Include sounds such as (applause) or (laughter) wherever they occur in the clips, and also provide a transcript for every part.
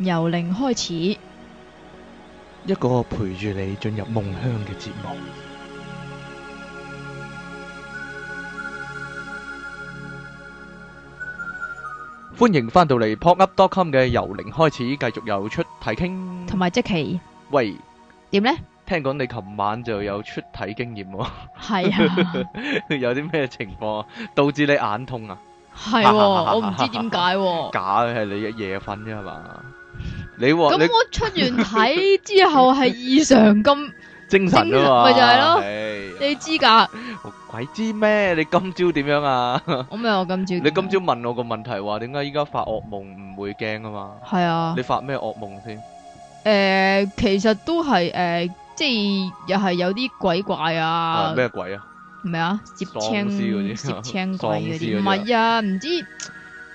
由零開始，一個陪住你進入夢鄉嘅節目。歡迎返到嚟 popup.com 嘅由零開始，繼續由出體傾同埋 Jicky 喂，點呢？聽講你琴晚就有出體經驗喎、哦，係啊， (laughs) 有啲咩情況導致你眼痛啊？係、啊， (laughs) 我唔知點解，假嘅係你一夜瞓啫嘛。你話咁我出完體之後係異常咁精神啊嘛，咪就係咯，你知噶？我鬼知咩？你今朝點樣啊？我未，我今朝。你今朝問我個問題話點解依家發惡夢唔會驚啊嘛？係啊。你發咩惡夢先？誒，其實都係誒，即係又係有啲鬼怪啊。咩鬼啊？咩啊？接青接青鬼嗰啲，唔係啊，唔知。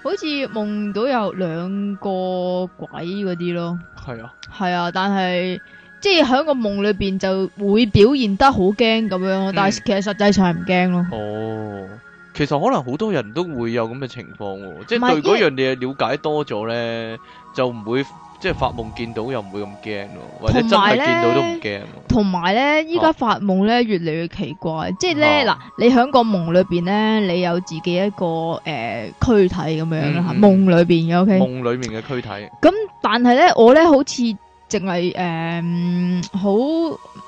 好似夢到有兩個鬼嗰啲咯，係啊，係啊，但係即係喺個夢裏邊就會表現得好驚咁樣咯，但係其實實際上係唔驚咯。哦，其實可能好多人都會有咁嘅情況，即係對嗰樣嘢了解多咗咧，就唔會。即係發夢見到又唔會咁驚咯，或者真係見到都唔驚。同埋咧，依家發夢咧、啊、越嚟越奇怪，即係咧嗱，你響個夢裏邊咧，你有自己一個誒軀、呃、體咁樣啦，吓夢裏邊嘅 O K。夢裏面嘅軀、okay? 體。咁、嗯、但係咧，我咧好似淨係誒好，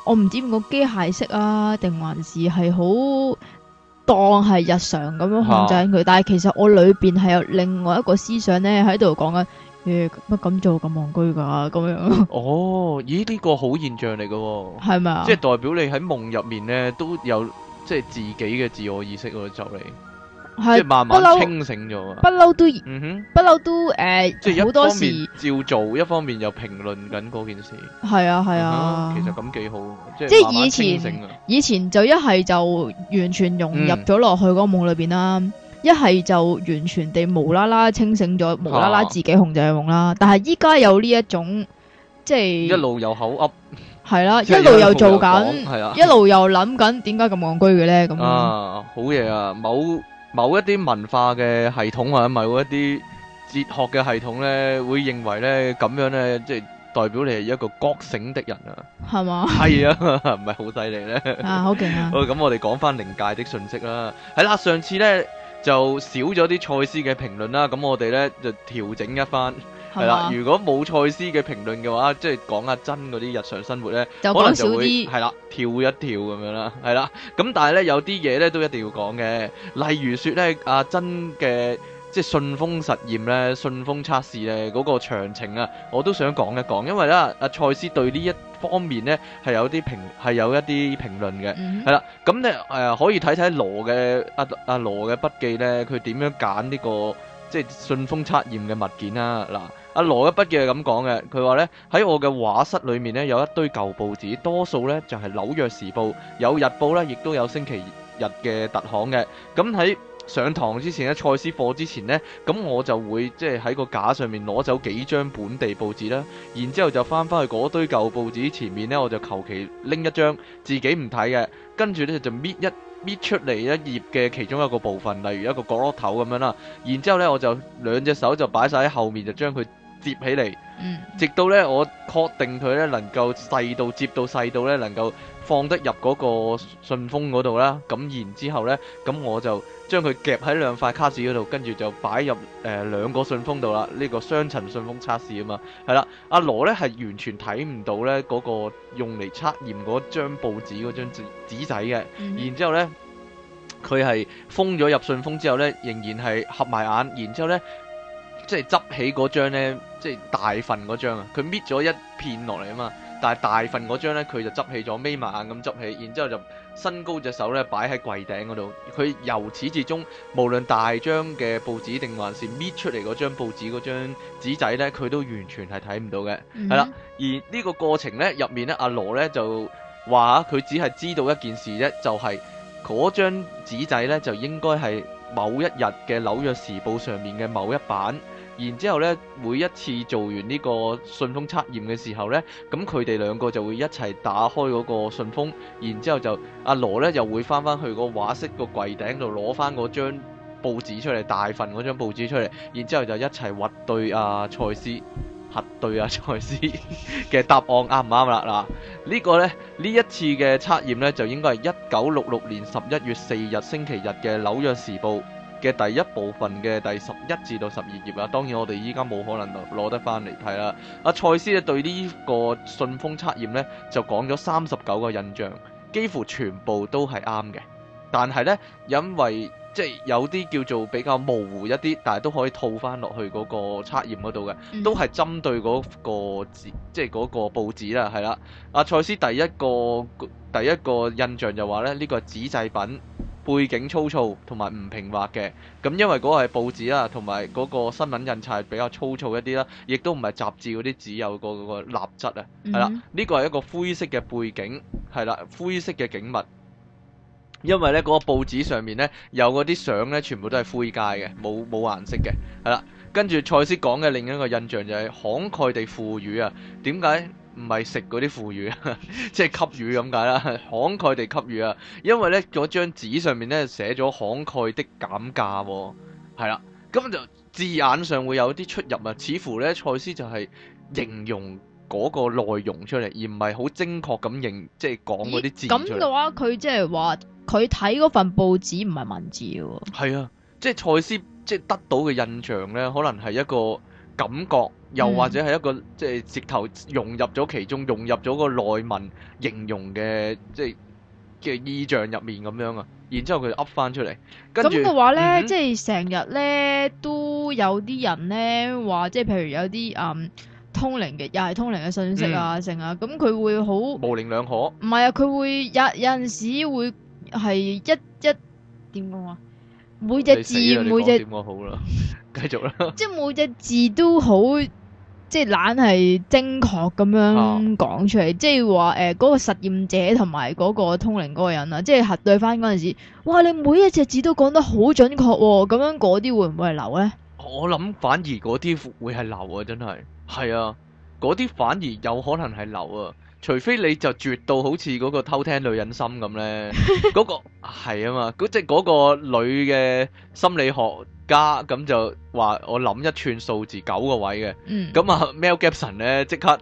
我唔知點講機械式啊，定還是係好當係日常咁樣控制佢。啊、但係其實我裏邊係有另外一個思想咧喺度講緊。乜咁做咁憨居噶咁樣？哦，咦，呢個好現象嚟嘅，哦，係咪啊？即係代表你喺夢入面咧都有即係自己嘅自我意識咯，就嚟係是慢慢清醒咗啊！不嬲都，嗯、哼，不嬲都誒，呃、即係好多時照做、嗯，一方面又評論緊嗰件事，係啊係啊、嗯，其實咁幾好，即係是 即是 以前，以前就一係就完全融入咗落去嗰個夢裏邊啦。嗯一係就完全地無啦啦清醒咗，無啦啦自己控制咁啦。但係依家有呢一種，即係一路又口噏，係啦，一路又做緊，一路又諗緊點解咁戇居嘅咧？咁啊，好嘢啊！某某一啲文化嘅系統啊，或者某一啲哲學嘅系統咧，會認為咧咁樣咧，即係代表你係一個覺醒的人啊，係嘛？係啊，唔係好犀利咧啊，好勁啊！好，咁我哋講翻靈界的信息啦，係啦，上次咧。就少咗啲賽斯嘅評論啦，咁我哋呢，就調整一番係啦。如果冇賽斯嘅評論嘅話，即係講阿珍嗰啲日常生活呢，可能就會係啦跳一跳咁樣啦，係啦。咁但係呢，有啲嘢呢都一定要講嘅，例如說呢，阿珍嘅。即係信封實驗咧，信封測試咧嗰個詳情啊，我都想講一講，因為咧阿賽斯對呢一方面咧係有啲評，係有一啲評，評論嘅，係啦、嗯，咁咧誒可以睇睇羅嘅阿阿羅嘅筆記咧，佢點樣揀呢個即係信封測驗嘅物件啊？嗱，阿羅嘅筆記係咁講嘅，佢話咧，喺我嘅畫室裏面咧有一堆舊報紙，多數咧就係紐約時報，有日報咧，亦都有星期日嘅特刊嘅，咁喺上堂之前咧，蔡司課之前呢，咁我就會即係喺個架上面攞走幾張本地報紙啦，然之後就翻翻去嗰堆舊報紙前面呢，我就求其拎一張自己唔睇嘅，跟住呢就搣一搣出嚟一頁嘅其中一個部分，例如一個角落頭咁樣啦，然之後呢，我就兩隻手就擺晒喺後面就，就將佢接起嚟，直到呢，我確定佢呢能夠細到接到細到呢能夠，放得入嗰個信封嗰度啦，咁然之後呢，咁我就將佢夾喺兩塊卡紙嗰度，跟住就擺入、呃、兩個信封度啦。呢個雙層信封測試啊嘛，係啦，阿羅呢係完全睇唔到呢嗰個用嚟測驗嗰張報紙嗰張紙仔嘅、嗯，然之後呢，佢係封咗入信封之後呢，仍然係合埋眼，然之後呢，即係執起嗰張呢，即係大份嗰張啊，佢搣咗一片落嚟啊嘛。但係大份嗰張咧，佢就執起咗，眯埋眼咁執起，然之後就伸高隻手咧，擺喺櫃頂嗰度。佢由始至終，無論大張嘅報紙定還是搣出嚟嗰張報紙、嗰張紙仔咧，佢都完全係睇唔到嘅。係啦、mm hmm.，而呢個過程咧入面咧，阿羅咧就話佢只係知道一件事啫，就係、是、嗰張紙仔咧就應該係某一日嘅《紐約時報》上面嘅某一版。然之後咧，每一次做完呢個信封測驗嘅時候咧，咁佢哋兩個就會一齊打開嗰個信封，然之後就阿羅咧就會翻翻去個畫室個櫃頂度攞翻嗰張報紙出嚟，大份嗰張報紙出嚟，然之後就一齊核對阿、啊、賽斯，核對阿、啊、賽斯嘅答案啱唔啱啦？嗱，這個、呢個咧呢一次嘅測驗咧，就應該係一九六六年十一月四日星期日嘅紐約時報。嘅第一部分嘅第十一至到十二頁啦，當然我哋依家冇可能攞攞得翻嚟睇啦。阿賽斯咧對呢個信封測驗呢，就講咗三十九個印象，幾乎全部都係啱嘅。但係呢，因為即係、就是、有啲叫做比較模糊一啲，但係都可以套翻落去嗰個測驗嗰度嘅，嗯、都係針對嗰、嗰個紙即係嗰個報紙啦，係啦。阿賽斯第一個第一個印象就話呢，呢、呢個紙製品，背景粗糙同埋唔平滑嘅，咁因為嗰個係報紙啦，同埋嗰個新聞印刷係比較粗糙一啲啦，亦都唔係雜誌嗰啲紙有個嗰、mm hmm。這個立質啊，係啦，呢個係一個灰色嘅背景，係啦，灰色嘅景物，因為呢嗰個報紙上面呢，有嗰啲相呢，全部都係灰階嘅，冇冇顏色嘅，係啦，跟住賽斯講嘅另一個印象就係慷慨地賦予啊，點解？唔係食嗰啲腐乳， (laughs) 即係給予咁解啦， (laughs) 慷慨地給予啊！因為咧嗰張紙上面咧寫咗慷慨的減價喎、哦，係啦，咁就字眼上會有啲出入啊。似乎咧，賽斯就係形容嗰個內容出嚟，而唔係好精確咁認，即係講嗰啲字出嚟。咁嘅話，佢即係話佢睇嗰份報紙唔係文字喎、哦。係啊，即係賽斯即係得到嘅印象咧，可能係一個感覺。又或者係一個即係直頭融入咗其中，融入咗個內文形容嘅即係嘅意象入面咁樣啊。然之後佢就噏翻出嚟。咁嘅話咧，即係成日咧都有啲人咧話，即係譬如有啲嗯通靈嘅，又係通靈嘅信息啊，成啊，咁佢會好模棱兩可。唔係啊，佢會有有陣時會係一一點講啊？每隻字每隻點我好啦，繼續啦。即係每隻字都好。即係懶係精確咁樣講出嚟，啊、即係話誒嗰個實驗者同埋嗰個通靈嗰個人啊，即係核對翻嗰陣時，哇！你每一隻字都講得好準確喎、哦，咁樣嗰啲會唔會係流咧？我諗反而嗰啲會係流的的啊，真係。係啊，嗰啲反而有可能係流啊，除非你就絕到好似嗰個偷聽女人心咁咧，嗰、 (laughs) 嗰個係啊嘛，嗰隻嗰個女嘅心理學。加咁就話，我諗一串數字九個位嘅，嗯，咁啊，Mel Gibson 咧，即刻。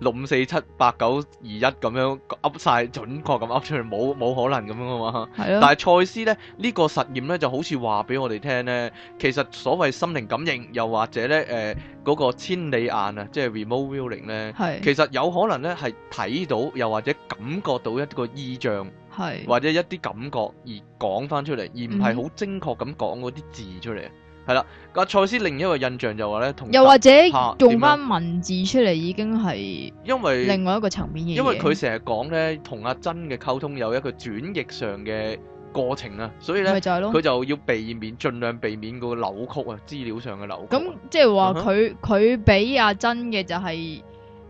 六五四七八九二一咁樣噏晒，準確咁噏出嚟，冇冇可能咁啊嘛！係啊是的。但係賽斯咧呢個實驗咧就好似話俾我哋聽咧，其實所謂心靈感應又或者咧誒嗰個千里眼啊，即係 remote viewing 咧，是的 其實有可能咧係睇到又或者感覺到一個意象，係是的 或者一啲感覺而講翻出嚟，而唔係好精確咁講嗰啲字出嚟。係啦，個賽斯另一個印象就話咧，同又或者用翻文字出嚟已經係因為另外一個層面嘅。因為佢成日講咧，同阿珍嘅溝通有一個轉譯上嘅過程啊，所以咧佢就，就，就要避免，儘量避免個扭曲啊，資料上嘅扭曲、啊那。咁即係話佢佢俾阿珍嘅就係、是、誒、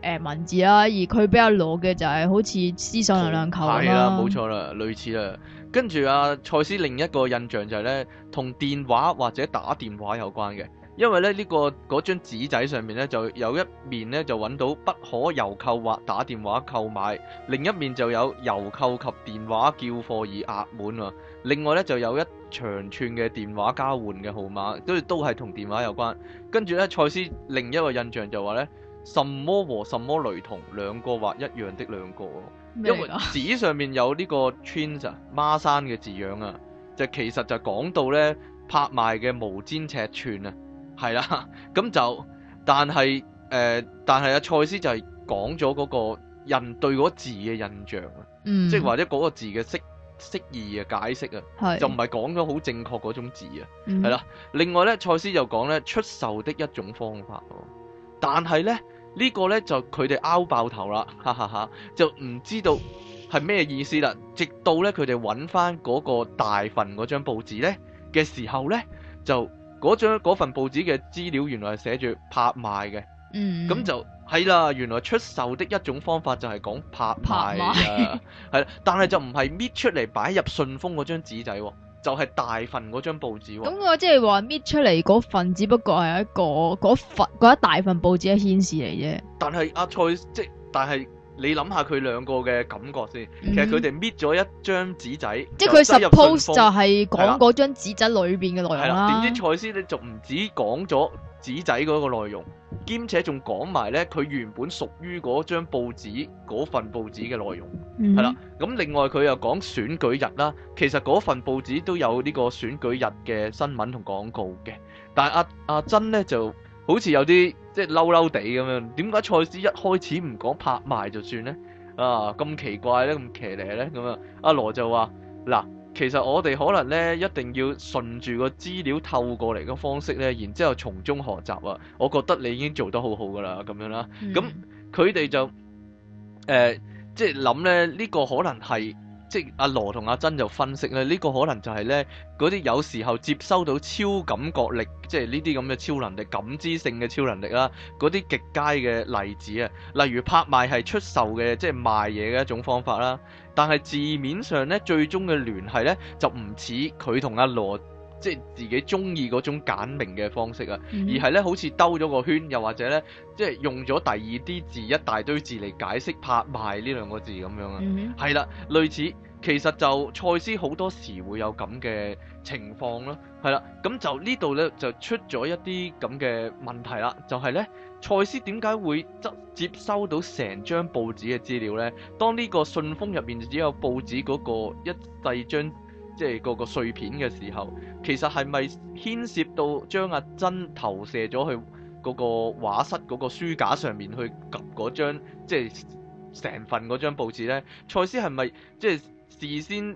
呃、文字啦、啊，而佢俾阿羅嘅就係好似思想能量球啦、啊。冇錯啦，類似啦。跟住啊，賽斯另一個印象就係、是、咧，同電話或者打電話有關嘅，因為咧呢、這個嗰張紙仔上面咧就有一面咧就揾到不可郵購或打電話購買，另一面就有郵購及電話叫貨而壓滿啊。另外咧就有一長串嘅電話交換嘅號碼，都都係同電話有關。跟住咧，賽斯另一個印象就話、是、咧，什麼和什麼雷同，兩個或一樣的兩個。因為紙上面有呢個 chains 啊，孖山嘅字樣啊，就其實就講到咧拍賣嘅毛尖尺寸啊，係啦、啊，咁就但係誒，但係、呃、啊，賽斯就係講咗嗰個人對嗰字嘅印象啊，嗯、即係或者嗰個字嘅釋釋義啊、解釋啊，是就唔係講咗好正確嗰種字啊，係啦、啊，嗯、另外咧，賽斯就講咧出售的一種方法咯、啊，但係咧。呢個呢，就佢哋拗爆頭啦，哈哈哈！就唔知道係咩意思啦。直到呢，佢哋揾翻嗰個大份嗰張報紙呢嘅時候呢，就嗰份報紙嘅資料原來係寫住拍賣嘅，咁、嗯、就係啦。原來出售的一種方法就係講拍賣，係啦賣。但係就唔係搣出嚟擺入信封嗰張紙仔喎、哦。就係大份嗰張報紙喎，咁我即係話搣出嚟嗰份，只不過係一個嗰份嗰一大份報紙嘅牽示嚟啫、啊。但係阿蔡，即但係你諗下佢兩個嘅感覺先，其實佢哋搣咗一張紙仔，即係佢 suppose 就係講嗰張紙仔裏邊嘅內容對啦。點知賽斯，你就唔止講咗。紙仔嗰個內容，兼且仲講埋咧佢原本屬於嗰張報紙嗰份報紙嘅內容，係啦、嗯。咁另外佢又講選舉日啦，其實嗰份報紙都有呢個選舉日嘅新聞同廣告嘅。但係阿阿珍咧就好似有啲即係嬲嬲地咁樣，點解賽斯一開始唔講拍賣就算咧？啊，咁奇怪咧，咁騎呢咧咁樣？阿羅就話，嗱。其實我哋可能咧，一定要順住個資料透過嚟嘅方式咧，然之後從中學習啊！我覺得你已經做得好好噶啦，咁樣啦。咁佢哋就誒，即係諗咧，呢個可能係即係阿羅同阿珍就分析咧，呢個可能就係咧嗰啲有時候接收到超感覺力，即係呢啲咁嘅超能力、感知性嘅超能力啦，嗰啲極佳嘅例子啊，例如拍賣係出售嘅，即係賣嘢嘅一種方法啦。但係字面上咧，最終嘅聯繫咧就唔似佢同阿羅即係、就是、自己中意嗰種簡明嘅方式啊，嗯、而係咧好似兜咗個圈，又或者咧即係用咗第二啲字一大堆字嚟解釋拍賣呢兩個字咁樣啊，係啦、嗯，類似。其實就賽斯好多時會有咁嘅情況咯，係啦，咁就呢度咧就出咗一啲咁嘅問題啦，就係咧賽斯點解會執接收到成張報紙嘅資料咧？當呢個信封入面只有報紙嗰個一細張，即係嗰個碎片嘅時候，其實係咪牽涉到將阿珍投射咗去嗰個畫室嗰個書架上面去及嗰張，即係成份嗰張報紙咧？賽斯係咪即係？即係事先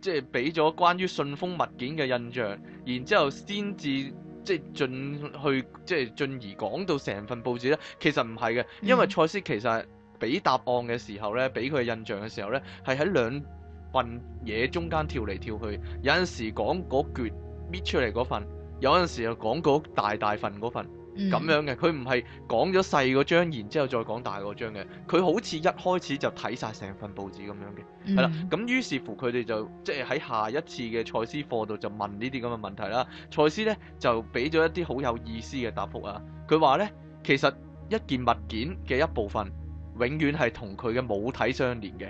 即係俾咗關於信封物件嘅印象，然之後先至即係進去即係、就是、進而講到成份報紙咧，其實唔係嘅，嗯、因為賽斯其實俾答案嘅時候咧，俾佢印象嘅時候咧，係喺兩份嘢中間跳嚟跳去，有陣時講嗰撅搣出嚟嗰份，有陣時又講嗰大大份嗰份。咁樣嘅，佢唔係講咗細嗰張，然之後再講大嗰張嘅，佢好似一開始就睇晒成份報紙咁樣嘅，係啦、嗯。咁於是乎佢哋就即係喺下一次嘅賽斯課度就問呢啲咁嘅問題啦。賽斯呢就俾咗一啲好有意思嘅答覆啊。佢話呢，其實一件物件嘅一部分永遠係同佢嘅母體相連嘅，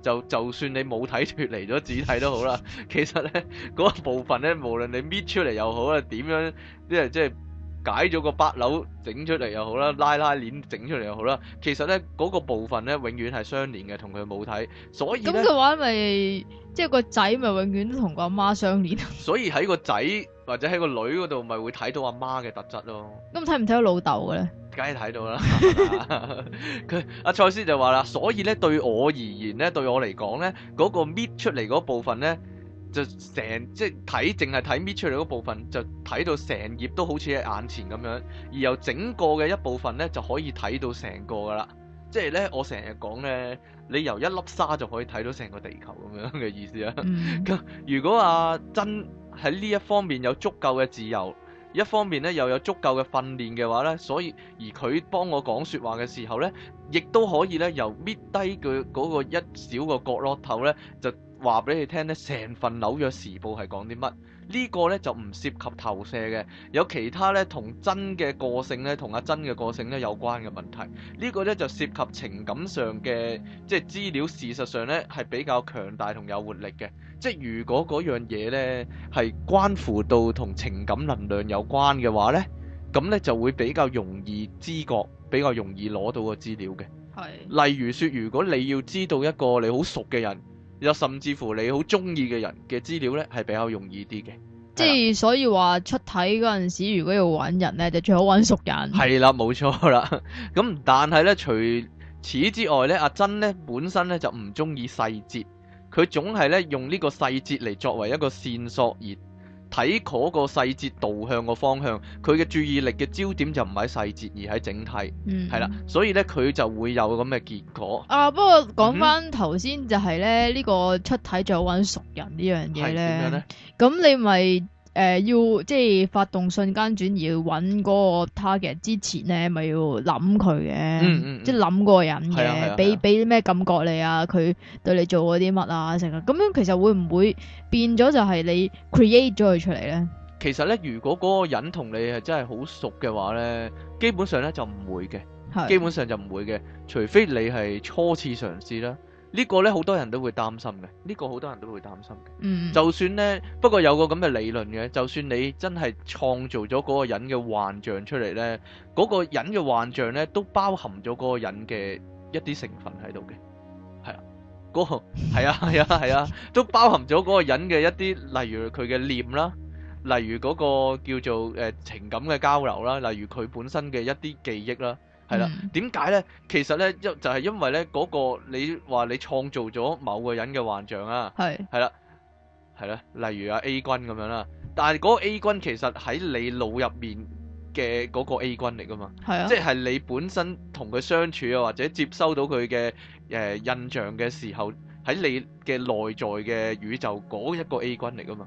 就就算你母體脱離咗子體都好啦。其實呢嗰、那個、部分呢，無論你搣出嚟又好啦點樣，即係。解咗個八樓整出嚟又好啦，拉拉鏈整出嚟又好啦，其實咧嗰個部分咧永遠係相連嘅，同佢母體。所以咁嘅話咪即係個仔咪永遠都同個阿媽相連。所以喺個仔或者喺個女嗰度咪會睇到阿媽嘅特質咯。咁睇唔睇到老豆嘅咧？梗係睇到啦。佢、啊、賽斯就話啦，所以咧對我而言咧，對我嚟講咧，嗰個搣出嚟嗰部分咧。就成即係睇淨係睇搣出嚟嗰部分，就睇到成頁都好似喺眼前咁樣，而由整個嘅一部分咧就可以睇到成個噶啦。即係咧，我成日講咧，你由一粒沙就可以睇到成個地球咁樣嘅意思、嗯、 (laughs) 啊。咁如果阿珍喺呢一方面有足夠嘅自由，一方面咧又有足夠嘅訓練嘅話咧，所以而佢幫我講說話嘅時候咧，亦都可以咧由搣低佢嗰個一小個角落頭咧就。話俾你聽咧，成份紐約時報係講啲乜？呢個呢就唔涉及投射嘅，有其他呢同珍嘅個性呢，同阿珍嘅個性呢有關嘅問題。呢個呢就涉及情感上嘅，即係資料事實上呢係比較強大同有活力嘅。即係如果嗰樣嘢呢係關乎到同情感能量有關嘅話呢，咁呢就會比較容易知覺，比較容易攞到個資料嘅。係，例如說，如果你要知道一個你好熟嘅人。有甚至乎你好中意嘅人嘅資料呢係比較容易啲嘅。即係所以話出體嗰陣時，如果要揾人呢，就最好揾熟人。係啦，冇錯啦。咁但係呢，除此之外呢，阿珍呢本身呢就唔中意細節，佢總係呢用呢個細節嚟，作為一個線索而。睇嗰個細節導向個方向，佢嘅注意力嘅焦點就唔喺細節，而喺整體，係啦、嗯，所以咧佢就會有咁嘅結果。啊，不過講翻頭先就係咧呢、嗯、個出體最好揾熟人這呢樣嘢咧，咁你咪。誒、呃，要即係發動瞬間轉移，要揾嗰個 target 之前咧，咪要諗佢嘅，嗯嗯、即係諗嗰個人嘅，俾俾啲咩感覺你啊，佢對你做過啲乜啊，成啊，咁樣其實會唔會變咗就係你 create 咗佢出嚟咧？其實咧，如果嗰個人同你係真係好熟嘅話咧，基本上咧就唔會嘅，基本上就唔會嘅是，除非你係初次嘗試啦。呢個呢好多人都會擔心嘅，呢個好多人都會擔心嘅。嗯，就算呢，不過有個咁嘅理論嘅，就算你真係創造咗嗰個人嘅幻象出嚟呢，嗰個人嘅幻象呢都包含咗嗰個人嘅一啲成分喺度嘅，係啊，嗰個，係啊，係啊，係啊，都包含咗嗰個人嘅一啲，例如佢嘅念啦，例如嗰個叫做誒情感嘅交流啦，例如佢本身嘅一啲記憶啦。係啦，點解咧？其實咧，一就係因為咧，嗰個你話你創造咗某個人嘅幻象啊，係係啦，係啦，例如啊 A 君咁樣啦，但係嗰個 A 君其實喺你腦入面嘅嗰個 A 君嚟噶嘛，係啊，即係你本身同佢相處啊，或者接收到佢嘅誒印象嘅時候，喺你嘅內在嘅宇宙嗰一個 A 君嚟噶嘛。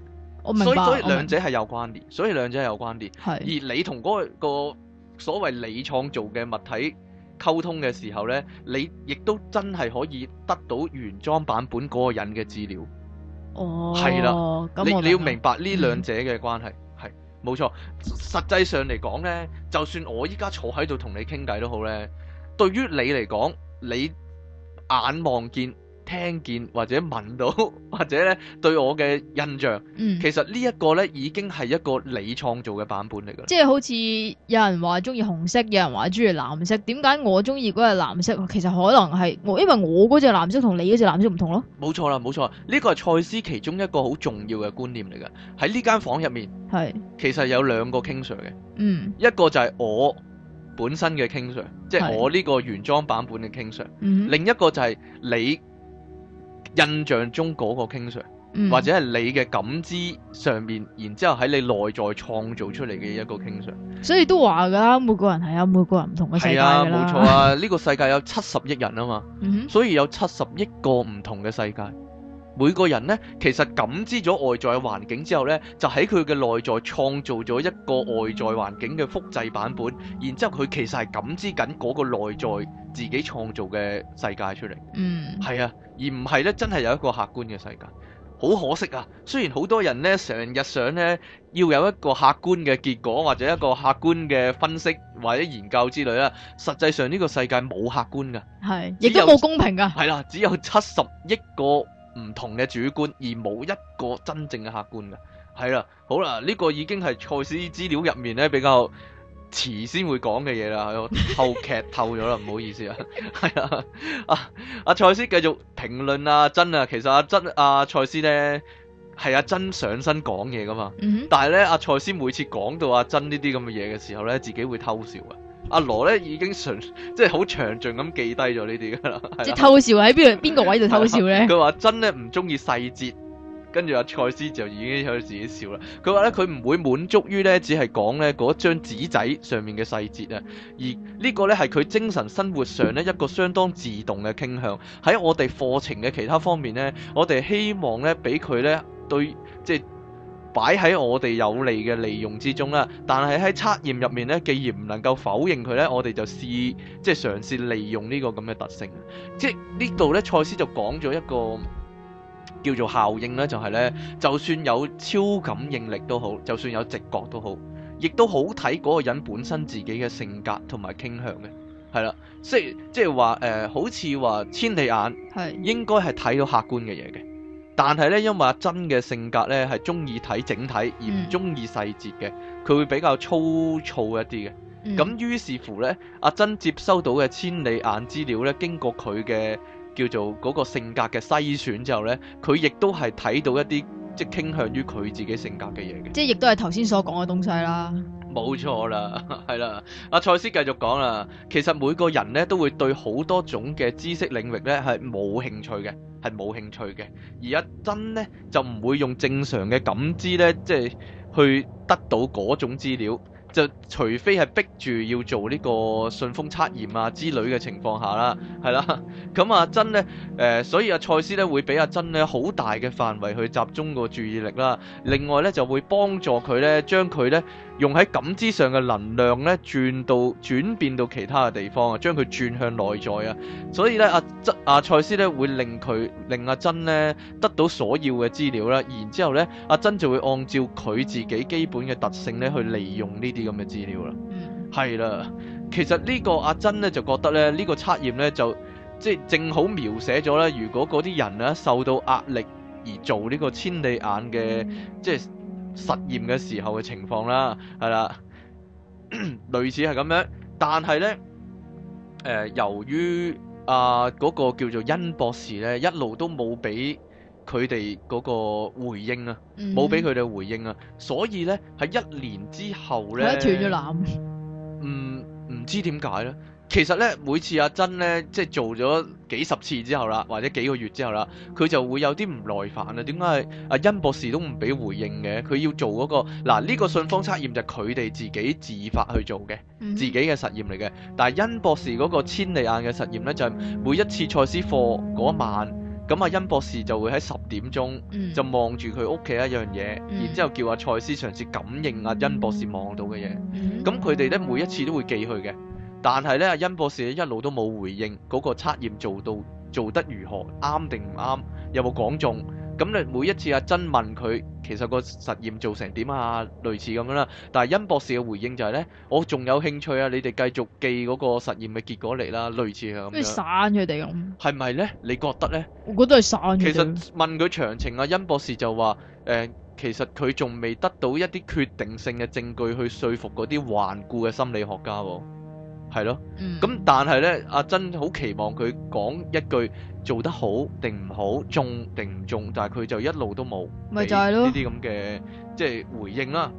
我明白，所以所以兩者係有關聯，所以兩者係有關聯。係是，而你同嗰個、嗰個嗰個所謂你創造嘅物體溝通嘅時候呢，你亦都真係可以得到原裝版本嗰個人嘅資料。哦，係啦的，嗯、你、嗯、你要明白呢兩者嘅關係係冇錯。實際上嚟講呢，就算我依家坐喺度同你傾偈都好呢，對於你嚟講，你眼望見，聽見或者聞到或者咧對我嘅印象，嗯、其實呢一個咧已經係一個你創造嘅版本嚟㗎。即係好似有人話中意紅色，有人話中意藍色，點解我中意嗰隻藍色？其實可能係我，因為我嗰隻藍色同你嗰隻藍色唔同咯。冇錯啦，冇錯，呢個係賽斯其中一個好重要嘅觀念嚟㗎。喺呢間房入面，係是 其實有兩個 King Sir 嘅，嗯、一個就係我本身嘅 King Sir，即係我呢個原裝版本嘅 King Sir；另一個就係你。印象中嗰個傾向，或者係你嘅感知上面，嗯、然之後喺你內在創造出嚟嘅一個傾向。所以都話㗎啦，每個人係有每個人唔同嘅世界。係啊，冇錯啊，呢 (laughs) 個世界有七十億人啊嘛，嗯、哼所以有七十億個唔同嘅世界。每個人呢，其實感知咗外在環境之後呢，就喺佢嘅內在創造咗一個外在環境嘅複製版本，然之後佢其實係感知緊嗰個內在自己創造嘅世界出嚟。嗯，係啊，而唔係咧，真係有一個客觀嘅世界。好可惜啊！雖然好多人呢，成日想呢，要有一個客觀嘅結果，或者一個客觀嘅分析或者研究之類啦，實際上呢個世界冇客觀噶，係亦都冇公平噶。係啦，啊，只有七十億個。唔同嘅主觀而冇一個真正嘅客觀嘅，係啦，好啦，呢、這個已經係賽斯資料入面咧比較遲先會講嘅嘢啦，後透劇透咗啦，唔 (laughs) 好意思啊，係啊，阿阿賽斯繼續評論啊，珍啊，其實阿珍阿賽斯咧係阿珍上身講嘢噶嘛，嗯、哼但係咧阿賽斯每次講到阿珍呢啲咁嘅嘢嘅時候咧，自己會偷笑嘅。阿羅咧已經純即係好詳盡咁記低咗呢啲噶啦，即係偷笑喺邊邊個位度偷笑咧？佢話真咧唔中意細節，跟住阿賽斯就已經開始自己笑啦。佢話咧佢唔會滿足於咧只係講咧嗰張紙仔上面嘅細節啊，而呢個咧係佢精神生活上咧一個相當自動嘅傾向。喺我哋課程嘅其他方面咧，我哋希望咧俾佢咧對即。擺喺我哋有利嘅利用之中啦，但係喺測驗入面咧，既然唔能夠否認佢咧，我哋就試即係、就是、嘗試利用呢個咁嘅特性。即係呢度咧，賽斯就講咗一個叫做效應咧，就係、是、咧，就算有超感應力都好，就算有直覺都好，亦都好睇嗰個人本身自己嘅性格同埋傾向嘅。係啦，即係即係話誒，好似話千里眼係的應該係睇到客觀嘅嘢嘅。但係咧，因為阿珍嘅性格咧，係中意睇整體而唔中意細節嘅，佢、嗯、會比較粗糙一啲嘅。咁於、嗯、是乎咧，阿珍接收到嘅千里眼資料咧，經過佢嘅叫做嗰個性格嘅篩選之後咧，佢亦都係睇到一啲。即係傾向於佢自己性格嘅嘢嘅，即係亦都係頭先所講嘅東西啦。冇錯啦，係啦。阿賽斯繼續講啦，其實每個人咧都會對好多種嘅知識領域咧係冇興趣嘅，係冇興趣嘅，而一真咧就唔會用正常嘅感知咧，即係去得到嗰種資料。就除非係逼住要做呢個信封測驗啊之類嘅情況下啦，係啦，咁阿珍咧，誒、呃、所以阿賽斯咧會俾阿珍咧好大嘅範圍去集中個注意力啦。另外咧就會幫助佢咧將佢咧用喺感知上嘅能量咧轉到轉變到其他嘅地方啊，將佢轉向內在啊。所以咧阿阿賽斯咧會令佢令阿珍咧得到所要嘅資料啦。然之後咧阿珍就會按照佢自己基本嘅特性咧去利用呢啲。啲咁嘅資料啦，係啦。其實呢個阿珍咧就覺得咧呢、這個測驗咧就即係、就是、正好描寫咗咧，如果嗰啲人受到壓力而做呢個千里眼嘅即係實驗嘅時候嘅情況啦，係啦， (coughs) 類似係咁樣。但係咧，誒、呃，由於阿嗰個叫做恩博士咧，一路都冇俾。佢哋嗰個回應啊，冇俾佢哋回應啊，所以呢，喺一年之後呢，佢斷咗纜。嗯，唔知點解呢？其實呢，每次阿珍呢，即係做咗幾十次之後啦，或者幾個月之後啦，佢就會有啲唔耐煩啦。點解阿恩博士都唔俾回應嘅？佢要做嗰、個嗱呢、啊呢個信封測驗就係佢哋自己自發去做嘅，mm hmm. 自己嘅實驗嚟嘅。但係恩博士嗰個千里眼嘅實驗呢，就係、係、每一次賽斯課嗰晚。咁阿恩博士就會喺十點鐘就望住佢屋企一樣嘢，然之後叫阿賽斯嘗試感應阿恩博士望到嘅嘢。咁佢哋咧每一次都會記佢嘅，但係咧阿恩博士一路都冇回應嗰個測驗做到做得如何啱定唔啱，有冇講中？咁你每一次阿珍問佢，其實個實驗做成點啊？類似咁啦，但係殷博士嘅回應就係、是、咧，我仲有興趣啊！你哋繼續寄嗰個實驗嘅結果嚟啦，類似啊咁。即係散佢哋咁，係咪咧？你覺得咧？我覺得係散、呃。其實問佢詳情啊，殷博士就話誒，其實佢仲未得到一啲決定性嘅證據去說服嗰啲頑固嘅心理學家。係咯，咁、嗯、但係咧，阿珍好期望佢講一句做得好定唔好，中定唔中，但係佢就一路都冇，咪就係咯呢啲咁嘅即係回應啦，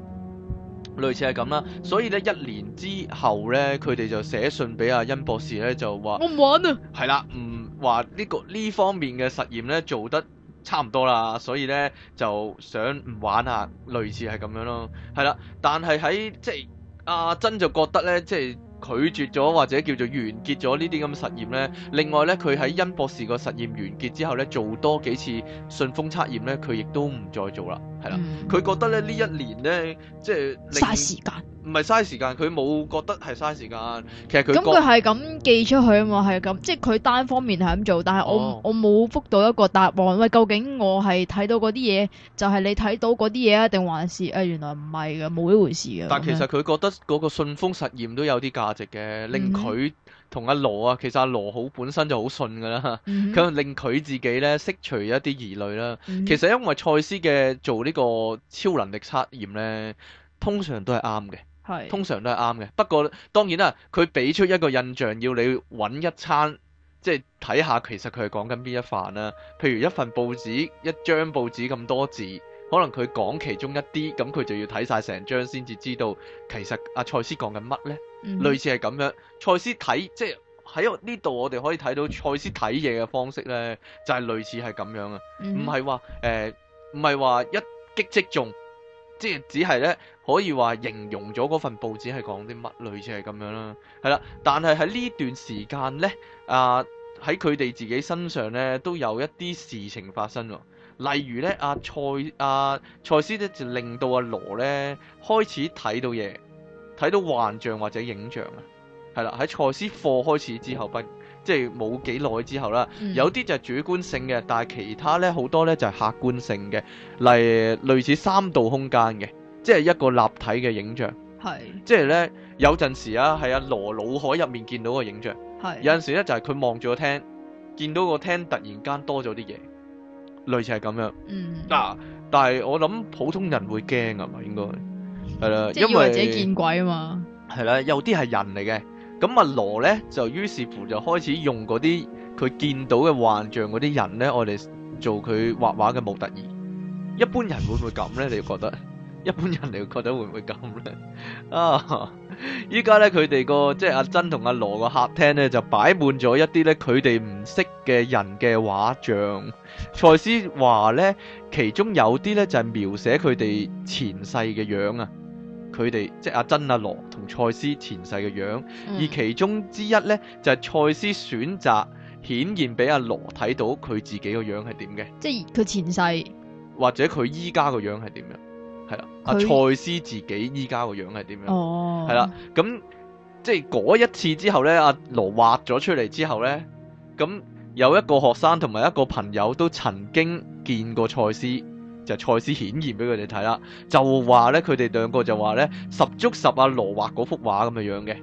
類似係咁啦。所以咧，一年之後咧，佢哋就寫信俾阿恩博士咧，就話我唔玩啊。係啦，唔話呢個呢方面嘅實驗咧做得差唔多啦，所以咧就想唔玩下，類似係咁樣咯。係啦，但係喺即係阿珍就覺得咧，即係。拒絕咗或者叫做完結咗呢啲咁嘅實驗咧，另外咧佢喺恩博士個實驗完結之後咧，做多幾次信封測驗咧，佢亦都唔再做啦，係啦、嗯，佢覺得咧呢一年咧、嗯、即係嘥時間唔係嘥時間，佢冇覺得係嘥時間。其實佢咁佢係咁寄出去啊嘛，係咁，即係佢單方面係咁做。但係我、哦、我冇覆到一個答案。喂，究竟我係睇到嗰啲嘢，就係、是、你睇到嗰啲嘢啊，定還是誒、哎、原來唔係嘅，冇一回事嘅。但其實佢覺得嗰個信封實驗都有啲價值嘅，嗯、令佢同阿羅啊，其實阿羅好本身就好信㗎啦。咁、嗯、 (laughs) 令佢自己咧，剔除一啲疑慮啦。嗯、其實因為賽斯嘅做呢個超能力測驗咧，通常都係啱嘅。係，是通常都係啱嘅。不過當然啦、啊，佢俾出一個印象要你揾一餐，即係睇下其實佢係講緊邊一飯啦、啊。譬如一份報紙，一張報紙咁多字，可能佢講其中一啲，咁佢就要睇晒成張先至知道其實阿賽斯講緊乜呢？嗯、類似係咁樣，賽斯睇即係喺呢度我哋可以睇到賽斯睇嘢嘅方式呢，就係、是、類似係咁樣啊，唔係話誒，唔係話一擊即中。即係只係咧，可以話形容咗嗰份報紙係講啲乜，類似係咁樣啦。係啦，但係喺呢段時間咧，啊喺佢哋自己身上咧，都有一啲事情發生。例如咧，阿賽阿賽斯咧就令到阿、啊、羅咧開始睇到嘢，睇到幻象或者影像啊。係啦，喺賽斯課開始之後不。即係冇幾耐之後啦，有啲就係主觀性嘅，嗯、但係其他咧好多咧就係客觀性嘅，例如類似三度空間嘅，即係一個立體嘅影像。係是，即係咧有陣時啊，喺阿羅腦海入面見到個影像。係是，有陣時咧就係佢望住個廳，見到個廳突然間多咗啲嘢，類似係咁樣。嗯，嗱、啊，但係我諗普通人會驚啊嘛，應該係啦，是因為自己見鬼啊嘛。係啦，有啲係人嚟嘅。咁阿羅咧，就於是乎就開始用嗰啲佢見到嘅幻象嗰啲人咧，我哋做佢畫畫嘅模特兒。一般人會唔會咁咧？你覺得？一般人你覺得會唔會咁咧？啊！依家咧佢哋個即係阿珍同阿羅個客廳咧，就擺滿咗一啲咧佢哋唔識嘅人嘅畫像。賽斯話咧，其中有啲咧就係、是、描寫佢哋前世嘅樣啊。佢哋即係阿珍阿羅同蔡斯前世嘅樣，嗯、而其中之一咧就係、是、蔡斯選擇顯現俾阿羅睇到佢自己個樣係點嘅，即係佢前世或者佢依家個樣係點樣的，係啦他，阿蔡斯自己依家個樣係點樣的，哦，係啦，咁即係嗰一次之後咧，阿羅畫咗出嚟之後咧，咁有一個學生同埋一個朋友都曾經見過蔡斯。就賽斯顯現俾佢哋睇啦，就話咧佢哋兩個就話咧十足十阿羅畫嗰幅畫咁嘅樣嘅，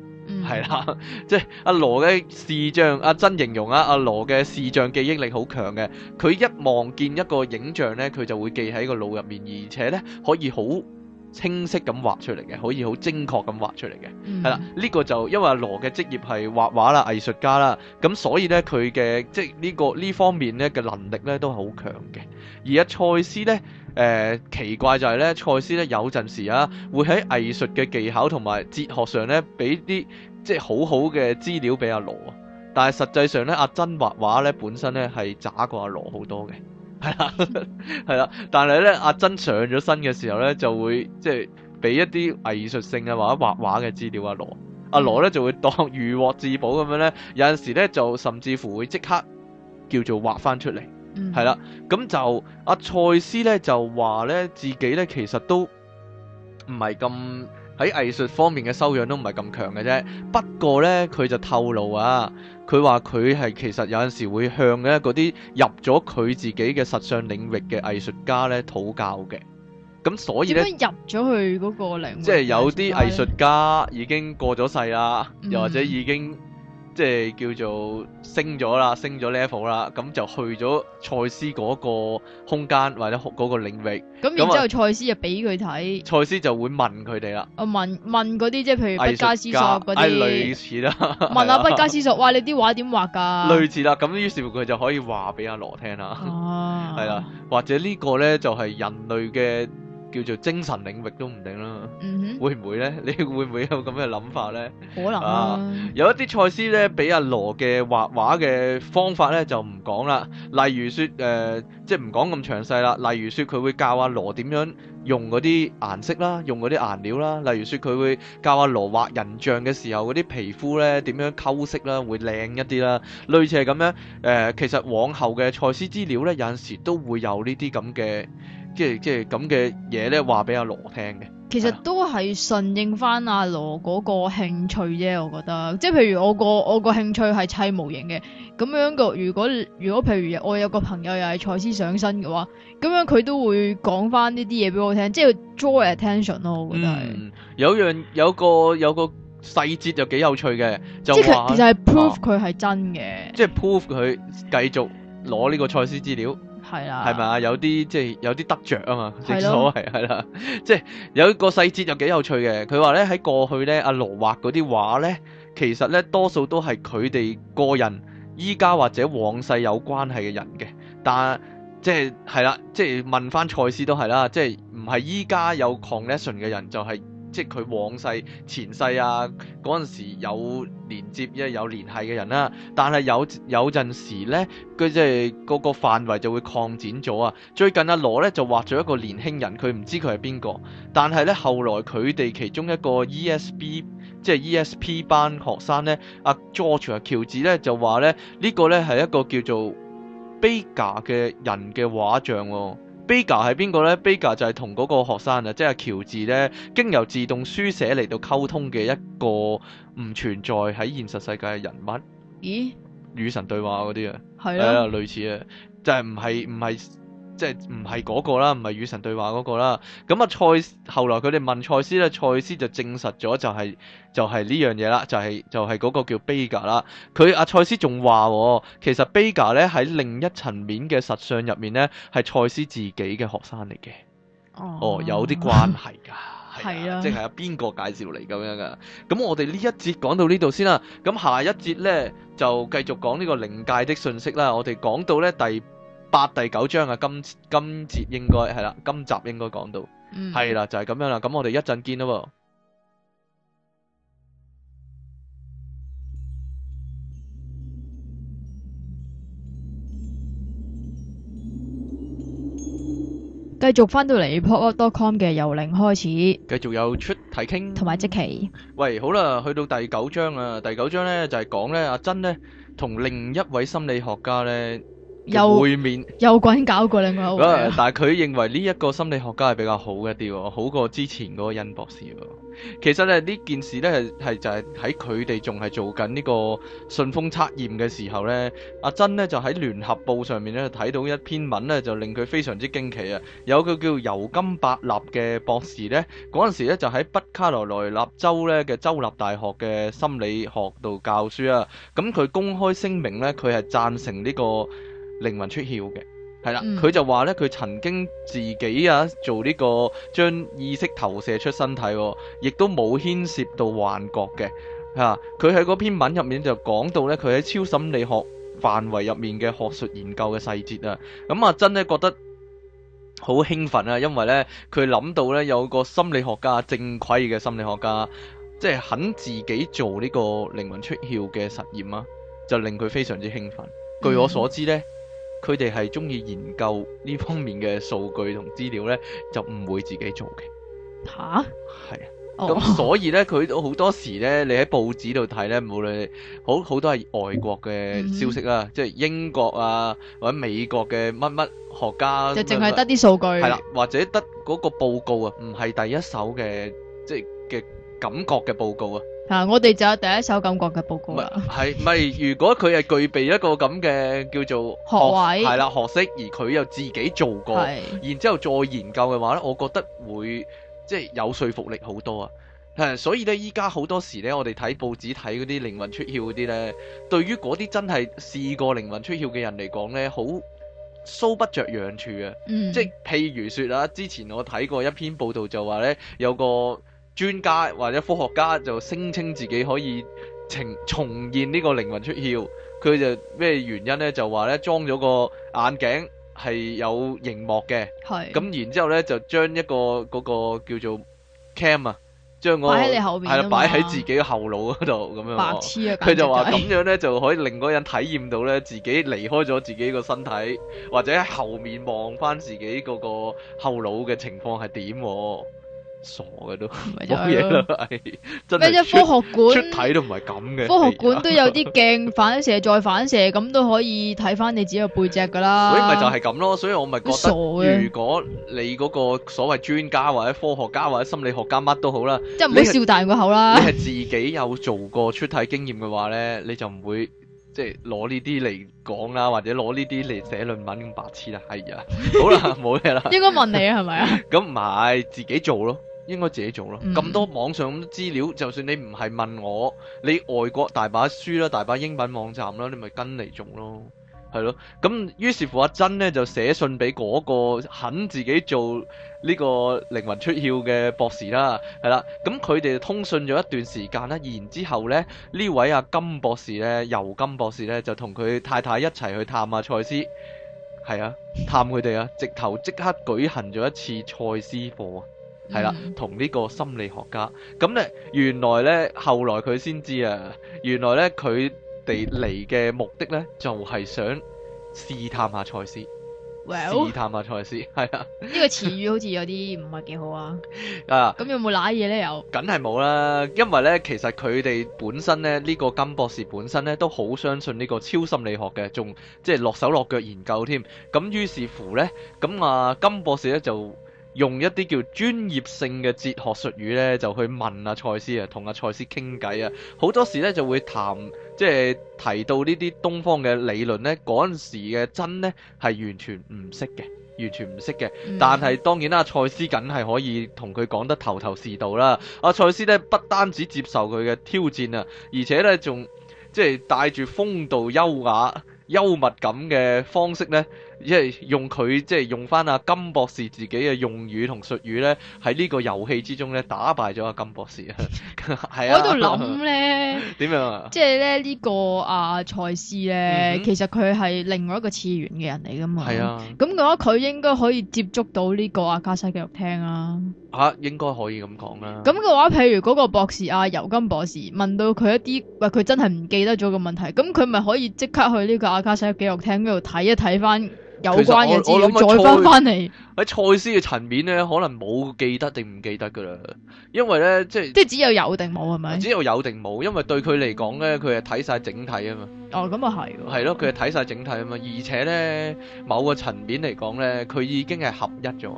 係啦、嗯，即係、就是、阿羅嘅視像，阿真形容啊，阿羅嘅視像記憶力好強嘅，佢一望見一個影像咧，佢就會記喺個腦入面，而且咧可以好清晰咁畫出嚟嘅，可以好精確咁畫出嚟嘅，係啦、嗯，呢、這個就因為阿羅嘅職業係畫畫啦，藝術家啦，咁所以咧佢嘅即係、這、呢個呢、這個這個、方面咧嘅能力咧都係好強嘅。而阿賽斯咧，誒、呃、奇怪就係咧，賽斯咧有陣時啊，會喺藝術嘅技巧同埋哲學上咧，俾啲即係好好嘅資料俾阿羅。但係實際上咧，阿珍畫畫咧本身咧係渣過阿羅好多嘅，係啦係啦。但係咧，阿珍上咗身嘅時候咧，就會即係俾一啲藝術性或者畫畫嘅資料阿羅。嗯、阿羅咧就會當如獲至寶咁樣咧，有陣時咧就甚至乎會即刻叫做畫翻出嚟。係啦，咁、嗯、就阿賽斯咧就話咧自己咧其實都唔係咁喺藝術方面嘅修養都唔係咁強嘅啫。不過咧佢就透露啊，佢話佢係其實有陣時候會向咧嗰啲入咗佢自己嘅實相領域嘅藝術家咧討教嘅。咁所以咧入咗去嗰個領域，即係有啲藝術家已經過咗世啦，又、嗯、或者已經。即係叫做升咗啦，升咗 level 啦，咁就去咗賽斯嗰個空間或者嗰個領域。咁然之後賽斯就俾佢睇，賽就斯就會問佢哋啦。啊，問問嗰啲即係譬如畢加思索嗰啲，類似啦，問下畢加思索，哇 (laughs) 的你啲畫點畫噶？類似啦，咁於是乎佢就可以話俾阿羅聽啦。哦、啊，係啦， (laughs) 或者這個呢個咧就係、是、人類嘅。叫做精神領域都唔定啦，嗯、會唔會呢？你會唔會有咁嘅諗法呢？可能啊，啊，有一啲賽斯呢，俾阿羅嘅畫畫嘅方法呢，就唔講啦。例如説，誒、呃，即係唔講咁詳細啦。例如説，佢會教阿羅點樣用嗰啲顏色啦，用嗰啲顏料啦。例如説，佢會教阿羅畫人像嘅時候，嗰啲皮膚呢，點樣溝色啦，會靚一啲啦。類似係咁樣，誒、呃，其實往後嘅賽斯資料呢，有陣時都會有呢啲咁嘅。即係即係咁嘅嘢咧，話俾阿羅聽嘅。其實都係順應翻阿羅嗰個興趣啫，我覺得。即係譬如我個我個興趣係砌模型嘅，咁樣個如果如果譬如我有個朋友又係賽斯上身嘅話，咁樣佢都會講翻呢啲嘢俾我聽，即係 draw attention 咯。我覺得係。嗯，有樣有個有個細節就幾有趣嘅，啊，即係佢其實係 prove 佢係真嘅，即係 prove 佢繼續攞呢個賽斯資料。係啊，係咪啊？有啲即係有啲得着啊嘛，正所謂係啦，即係的 (laughs) 有一個細節又幾有趣嘅。佢話咧喺過去咧，阿羅畫啲畫咧，其實咧多數都係佢哋個人依家或者往世有關係嘅人嘅。但即係係啦，即、就、係、是就是、問翻賽斯都係啦，即係唔係依家有 connection 嘅人就係、是。即係佢往世、前世啊，嗰陣時有連接、有聯繫嘅人啦、啊。但係有有陣時咧，佢即係嗰個範圍就會擴展咗啊。最近阿、啊、羅咧就畫咗一個年輕人，佢唔知佢係邊個。但係咧後來佢哋其中一個 ESP，即係 ESP 班學生咧，阿 George 啊, George, 啊喬治咧就話咧，這個、呢個咧係一個叫做 Bega 嘅人嘅畫像喎、哦。Bega 係邊個咧？Bega 就係同嗰個學生啊，即係喬治咧，經由自動書寫嚟到溝通嘅一個唔存在喺現實世界嘅人物。咦？與神對話嗰啲啊，係啊，類似啊，就係唔係唔係。即係唔係嗰個啦，唔係與神對話嗰個啦。咁啊，賽後來佢哋問賽斯咧，賽斯就證實咗就係就係呢樣嘢啦，就係就係嗰個叫 Bega 啦。佢阿賽斯仲話，其實 Bega 咧喺另一層面嘅實相入面咧，係賽斯自己嘅學生嚟嘅。Uh, 哦，有啲關係噶，係 (laughs) 啊，是啊，即係邊個介紹嚟咁樣噶？咁我哋呢一節講到呢度先啦。咁下一節咧就繼續講呢個靈界的信息啦。我哋講到咧第八第九章啊，今今節應該係啦，今集應該講到係啦，就係咁樣啦。咁我哋一陣見咯。繼續翻到嚟 popdotcom 嘅由零開始，繼續有出題傾同埋即期。喂，好啦，去到第九章啊，第九章咧就係講咧阿珍咧同另一位心理學家咧。又會面，又鬼搞過兩個。 (laughs) 但係佢認為呢一個心理學家係比較好的一啲，好過之前嗰個恩博士。其實咧，呢件事呢係係就係喺佢哋仲係做緊呢個信封測驗嘅時候呢，阿珍呢就喺聯合報上面呢睇到一篇文呢，就令佢非常之驚奇啊！有個叫尤金伯納嘅博士呢，嗰陣時咧就喺北卡羅來納州呢嘅州立大學嘅心理學度教書啊，咁佢公開聲明呢，佢係贊成呢個。靈魂出竅嘅，係啦，佢、嗯、就話呢，佢曾經自己啊做呢、這個將意識投射出身體，亦都冇牽涉到幻覺嘅吓。佢喺嗰篇文入面就講到呢，佢喺超心理學範圍入面嘅學術研究嘅細節啊。咁啊，真呢覺得好興奮啊，因為呢，佢諗到呢有個心理學家，正規嘅心理學家，即、就、係、是、肯自己做呢個靈魂出竅嘅實驗啊，就令佢非常之興奮。嗯、據我所知呢。佢哋係中意研究呢方面嘅數據同資料咧，就唔會自己做嘅。嚇，係啊，咁所以咧，佢都好多時咧，你喺報紙度睇咧，無論好好多係外國嘅消息啦，即係英國啊或者美國嘅乜乜學家，就淨係得啲數據，係啦，或者得嗰個報告啊，唔係第一手嘅，即係嘅感覺嘅報告啊。啊！我哋就有第一手感覺嘅報告啦。係，唔係？如果佢係具備一個咁嘅叫做學，係啦 (laughs) 學，位學識，而佢又自己做過，是然之後再研究嘅話咧，我覺得會即係、就是、有說服力好多啊。係，所以咧，依家好多時咧，我哋睇報紙睇嗰啲靈魂出竅嗰啲咧，對於嗰啲真係試過靈魂出竅嘅人嚟講咧，好搔不着癢處啊。嗯、即係譬如說啦，之前我睇過一篇報道就話咧，有個，專家或者科學家就聲稱自己可以重重現呢個靈魂出竅，佢就咩原因呢？就話裝咗個眼鏡係有熒幕嘅，咁係然之後呢，就將一個嗰、嗰個叫做 cam 啊、嗰個，將我擺喺你後面，擺喺自己嘅後腦嗰度咁樣。白痴啊！佢、啊、就話咁、就是、樣呢，就可以令個人體驗到呢，自己離開咗自己個身體，或者喺後面望翻自己嗰個後腦嘅情況係點。傻嘅都有嘢啦，真係。咩即係科學館出體都唔係咁嘅，科學館都有啲鏡反射 (laughs) 再反射，咁都可以睇翻你自己個背脊噶啦。所以咪就係咁咯，所以我咪覺得，如果你嗰個所謂專家或者科學家或者心理學家乜都好啦，即係唔好笑大個口啦你。你係自己有做過出體經驗嘅話咧，你就唔會即係攞呢啲嚟講啦，或者攞呢啲嚟寫論文咁白痴啦。係啊，好啦，冇嘢啦。 (laughs) 應該問你啊，係咪啊？咁唔係自己做咯。應該自己做咯，咁、嗯、多網上咁多資料，就算你唔係問我，你外國大把書啦，大把英文網站啦，你咪跟嚟做咯，係咯。咁於是乎阿珍呢就寫信俾嗰個肯自己做呢個靈魂出竅嘅博士啦，係啦。咁佢哋通訊咗一段時間啦，然之後呢，呢位阿金博士呢，尤金博士呢，就同佢太太一齊去探阿賽斯，係啊，探佢哋啊，直頭即刻舉行咗一次賽斯課啊。係啦，同呢個心理學家，咁咧原來咧後來佢先知啊，原來咧佢哋嚟嘅目的咧就係、是、想試探下賽斯，試 Well, 探下賽斯，係啊，呢、嗯，這個詞語好似有啲唔係幾好啊， (laughs) 啊，咁有冇瀨嘢咧？有，梗係冇啦，因為咧其實佢哋本身咧呢、這個金博士本身咧都好相信呢個超心理學嘅，仲即係落手落腳研究添，咁於是乎咧，咁啊金博士咧就。用一啲叫專業性嘅哲學術語咧，就去問阿、啊、賽斯，啊，斯啊，同阿賽斯傾偈啊，好多時咧就會談，即係提到呢啲東方嘅理論咧，嗰陣時嘅真咧係完全唔識嘅，完全唔識嘅。嗯、但係當然啦、啊，賽斯梗係可以同佢講得頭頭是道啦。阿、啊、賽斯咧不單止接受佢嘅挑戰啊，而且咧仲即係帶住風度優雅、幽默感嘅方式咧。他即係用佢即係用翻阿金博士自己嘅用語同術語咧，喺呢個遊戲之中咧，打敗咗阿金博士 (laughs) 啊！係 (laughs) 啊，我喺度諗咧，點、樣、啊？即係咧呢個阿賽斯咧，嗯、哼其實佢係另外一個次元嘅人嚟噶嘛。係啊，咁我覺得佢應該可以接觸到呢個阿、啊、加西嘅肉聽啊！吓、啊，應該可以咁講啦。咁嘅話，譬如嗰個博士啊，油金博士問到佢一啲，喂、哎，佢真係唔記得咗個問題，咁佢咪可以即刻去呢個阿卡西記錄廳嗰度睇一睇翻有關嘅資料，再翻翻嚟。喺賽斯嘅層面咧，可能冇記得定唔記得噶啦，因為咧即係即係只有有定冇係咪？只有有定冇，因為對佢嚟講咧，佢係睇晒整體啊嘛。哦，咁啊係。係咯，佢係睇晒整體啊嘛，而且咧某個層面嚟講咧，佢已經係合一咗。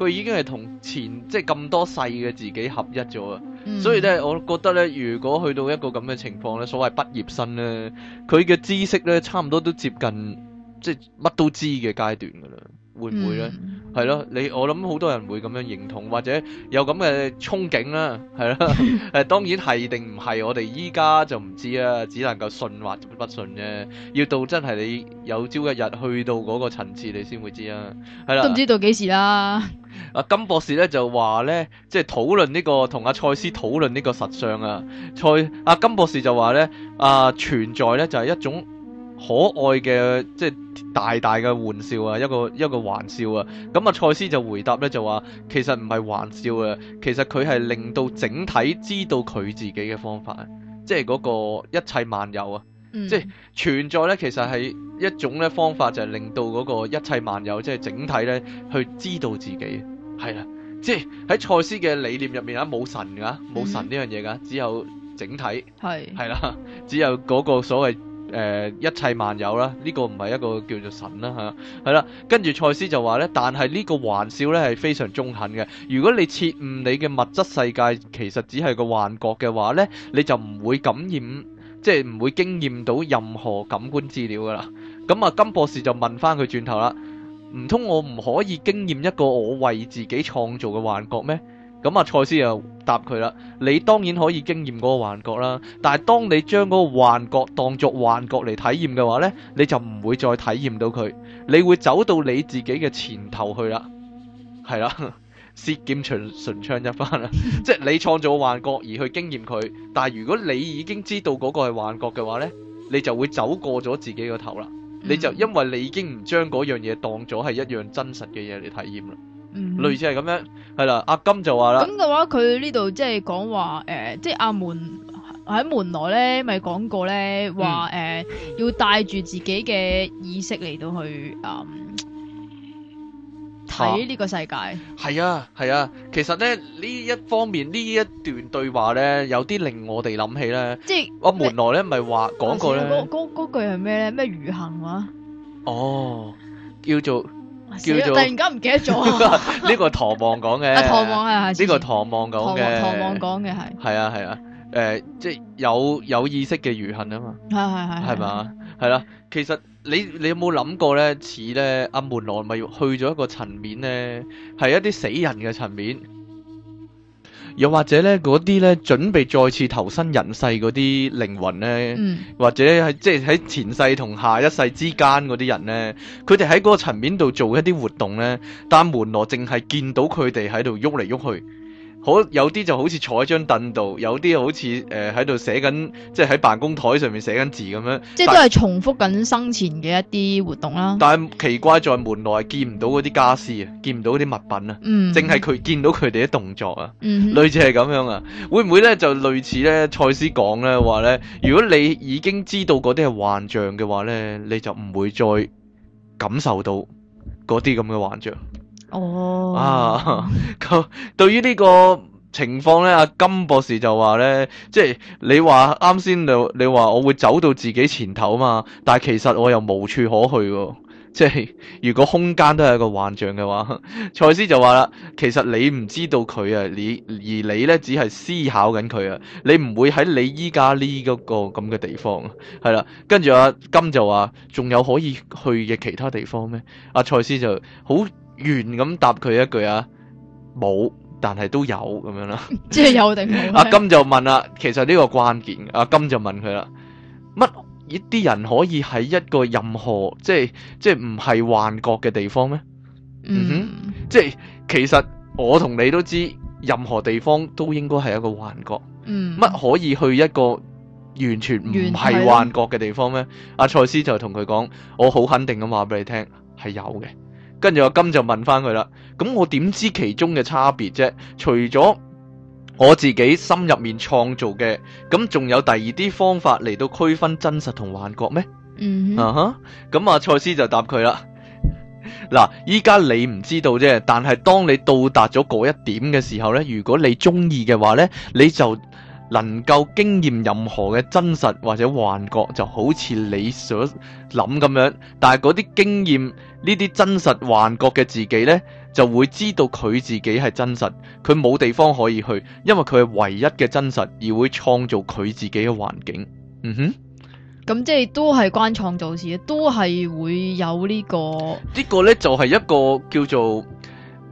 佢已經係同前、嗯、即係咁多世嘅自己合一咗啊！所以咧，嗯、我覺得咧，如果去到一個咁嘅情況咧，所謂畢業生咧，佢嘅知識咧，差唔多都接近即係乜都知嘅階段㗎啦。會唔會咧？係咯、嗯，你我諗好多人會咁樣認同，或者有咁嘅憧憬啦，係啦。誒， (laughs) 當然係定唔係，我哋依家就唔知啊，只能夠信或者不信啫。要到真係你有朝一日去到嗰個層次，你先會知啊。係啦，都唔知道幾時啦。阿金博士咧就話咧，即係討論呢個同阿賽斯討論呢個實相啊。賽阿金博士就話咧、就是這個，啊，呢啊存在咧就係一種。可愛嘅即係大大嘅玩笑啊，一個一個玩笑啊。咁啊，賽斯就回答咧就話，其實唔係玩笑啊，其實佢係令到整體知道佢自己嘅方法，即係嗰個一切萬有啊，嗯、即係存在咧，其實係一種咧方法，就係令到嗰個一切萬有即係整體咧去知道自己。係啦，即係喺賽斯嘅理念入面啊，冇神噶，冇、嗯、神呢樣嘢噶，只有整體，係係啦，只有嗰個所謂。誒、呃，一切萬有啦，呢、這個唔係一個叫做神啦吓，係、啊、啦，跟住賽斯就話呢，但係呢個玩笑呢係非常中肯嘅。如果你切誤你嘅物質世界其實只係個幻覺嘅話呢，你就唔會感染，即係唔會經驗到任何感官資料噶啦。咁、嗯、啊，金博士就問翻佢轉頭啦，唔通我唔可以經驗一個我為自己創造嘅幻覺咩？咁啊，賽斯又答佢啦。你當然可以經驗嗰個幻覺啦，但係當你將嗰個幻覺當作幻覺嚟體驗嘅話呢，你就唔會再體驗到佢，你會走到你自己嘅前頭去啦。係啦，舌劍唇槍一番啦 (laughs) 即係你創造幻覺而去經驗佢，但係如果你已經知道嗰個係幻覺嘅話呢，你就會走過咗自己個頭啦。你就因為你已經唔將嗰樣嘢當咗係一樣真實嘅嘢嚟體驗啦。嗯、類似係咁樣，係啦，阿金就話啦。咁嘅話，佢呢度即係講話，誒、呃，即係、啊、阿門喺門內咧，咪講過咧，話誒、嗯呃，要帶住自己嘅意識嚟到去，嗯，睇呢個世界。係啊，係啊，啊，其實咧呢一方面呢一段對話咧，有啲令我哋諗起咧。即係阿、啊、門內咧，咪話講過咧，嗰、那個、句係咩咧？咩余幸啊？哦，叫做。叫做突然間唔記得咗，呢個唐望講嘅，呢個唐望講嘅，唐望講嘅係，係啊係啊，誒、啊啊呃，即係有有意識嘅餘恨啊嘛，係係係，係咪，係啦，其實你你有冇諗過咧，似咧阿門羅咪去咗一個層面咧，係一啲死人嘅層面。又或者咧，嗰啲咧準備再次投身人世嗰啲靈魂咧，嗯、或者係即係喺前世同下一世之間嗰啲人咧，佢哋喺嗰個層面度做一啲活動咧，但門羅淨係見到佢哋喺度喐嚟喐去。好有啲就好似坐喺張凳度，有啲好似誒喺度寫緊，即係喺辦公台上面寫緊字咁樣。即係都係但重複緊生前嘅一啲活動啦、啊。但係奇怪，在門內見唔到嗰啲家私啊，見唔到嗰啲物品啊，嗯、哼正係佢見到佢哋啲動作啊，嗯、哼類似係咁樣啊。會唔會咧就類似咧？賽斯講咧話咧，如果你已經知道嗰啲係幻象嘅話咧，你就唔會再感受到嗰啲咁嘅幻象。哦，oh. 啊，咁對於呢個情況咧，阿金博士就話咧，即係你話啱先，你你話我會走到自己前頭啊嘛，但係其實我又無處可去嘅，即係如果空間都係一個幻象嘅話，賽斯就話啦，其實你唔知道佢啊，你而你咧只係思考緊佢啊，你唔會喺你依家呢嗰個咁嘅地方，係啦，跟住阿、啊、金就話仲有可以去嘅其他地方咩？阿、啊、賽斯就好很完咁答佢一句啊，冇，但係都有咁樣啦。即係有定冇？ (laughs) 阿金就問啦，其實呢個關鍵，阿金就問佢啦，乜一啲人可以喺一個任何即係即係唔係幻覺嘅地方咩？嗯，嗯哼，即係其實我同你都知，任何地方都應該係一個幻覺。乜、嗯、可以去一個完全唔係幻覺嘅地方咩？阿賽全、啊、斯就同佢講，我好肯定咁話俾你聽，係有嘅。跟住阿金就問翻佢啦，咁我點知其中嘅差別啫？除咗我自己心入面創造嘅，咁仲有第二啲方法嚟到區分真實同幻覺咩？嗯哼，啊咁、uh huh? 阿賽斯就答佢啦。嗱，依家你唔知道啫，但係當你到達咗嗰一點嘅時候呢，如果你中意嘅話呢，你就。能夠經驗任何嘅真實或者幻覺，就好似你所諗咁樣。但係嗰啲經驗，呢啲真實幻覺嘅自己呢，就會知道佢自己係真實，佢冇地方可以去，因為佢係唯一嘅真實，而會創造佢自己嘅環境。嗯哼，咁即係都係關創造事的，都係會有呢、這個。呢個呢，就係、是、一個叫做。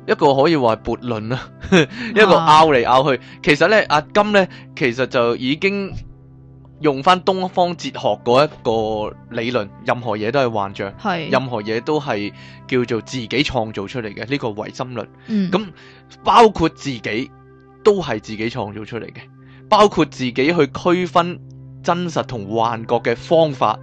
一個可以話係悖論啦， (laughs) 一個拗嚟拗去。啊、其實呢，阿金呢，其實就已經用翻東方哲學嗰一個理論，任何嘢都係幻象，係是 任何嘢都係叫做自己創造出嚟嘅呢個唯心論。嗯，咁包括自己都係自己創造出嚟嘅，包括自己去區分真實同幻覺嘅方法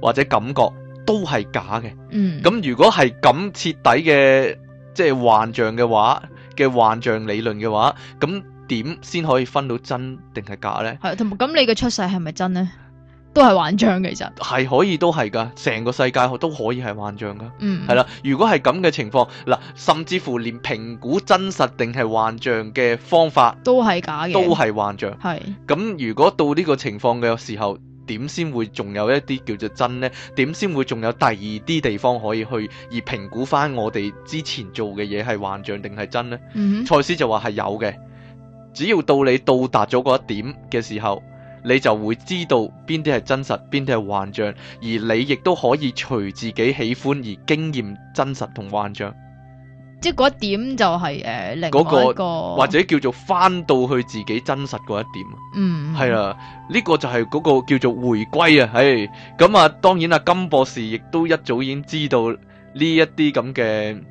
或者感覺都係假嘅。嗯，咁如果係咁徹底嘅。即係幻象嘅話，嘅幻象理論嘅話，咁點先可以分到真定係假呢？係，同埋咁你嘅出世係咪真呢？都係幻象，其實係可以都係噶，成個世界都可以係幻象噶。嗯，係啦，如果係咁嘅情況嗱，甚至乎連評估真實定係幻象嘅方法都係假嘅，都係幻象。係咁的，如果到呢個情況嘅時候。點先會仲有一啲叫做真呢？點先會仲有第二啲地方可以去而評估翻我哋之前做嘅嘢係幻象定係真呢？賽斯、mm hmm. 就話係有嘅，只要到你到達咗嗰一點嘅時候，你就會知道邊啲係真實，邊啲係幻象，而你亦都可以隨自己喜歡而經驗真實同幻象。即係嗰一點就係、是、誒、呃、另外一個、那個、或者叫做翻到去自己真實嗰一點，嗯，係啦、啊，呢、嗯、個就係嗰個叫做回歸啊，係咁啊，當然啊，金博士亦都一早已經知道呢一啲咁嘅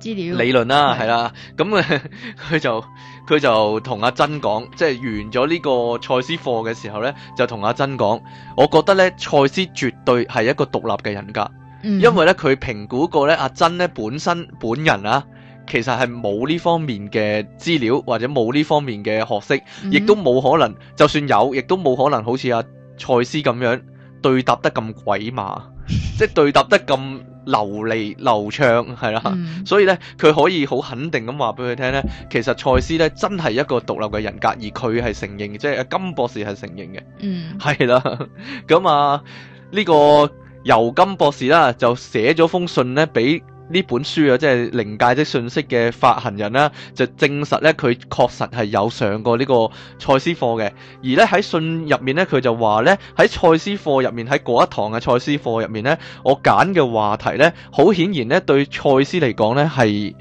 資料理論啦，係啦，咁啊，佢就佢就同阿珍講，即、就、係、是、完咗呢個賽斯課嘅時候呢，就同阿珍講，我覺得呢賽斯絕對係一個獨立嘅人格，嗯、因為呢，佢評估過呢，阿珍呢本身本人啊。其實係冇呢方面嘅資料，或者冇呢方面嘅學識，亦、mm hmm. 都冇可能。就算有，亦都冇可能好似阿賽斯咁樣對答得咁鬼馬， (laughs) 即係對答得咁流利、流暢，係啦。Mm hmm. 所以呢，佢可以好肯定咁話俾佢聽呢，其實賽斯呢真係一個獨立嘅人格，而佢係承認，即、就、係、是、金博士係承認嘅。嗯、mm，係、hmm. 啦，咁啊，呢、這個尤金博士啦，就寫咗封信呢俾。給呢本書啊，即係靈界的訊息嘅發行人啦，就證實咧，佢確實係有上過呢個賽斯課嘅。而咧喺信入面咧，佢就話咧喺賽斯課入面，喺嗰一堂嘅賽斯課入面咧，我揀嘅話題咧，好顯然咧對賽斯嚟講咧係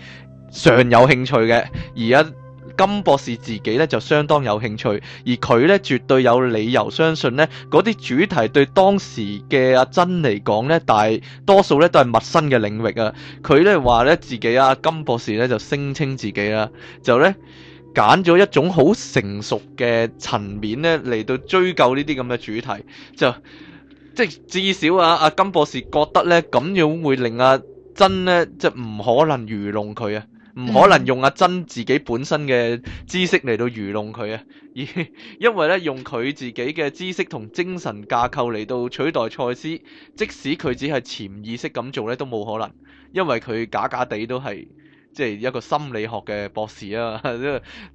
尚有興趣嘅。而家。金博士自己咧就相當有興趣，而佢咧絕對有理由相信咧嗰啲主題對當時嘅阿珍嚟講咧，大多數咧都係陌生嘅領域啊。佢咧話咧自己啊金博士咧就聲稱自己啦，就咧揀咗一種好成熟嘅層面咧嚟到追究呢啲咁嘅主題，就即係至少啊，阿金博士覺得咧咁樣會令阿珍咧即係唔可能愚弄佢啊。唔可能用阿珍自己本身嘅知識嚟到愚弄佢啊！而因為咧用佢自己嘅知識同精神架構嚟到取代賽斯，即使佢只係潛意識咁做咧，都冇可能，因為佢假假地都係即係一個心理學嘅博士啊！即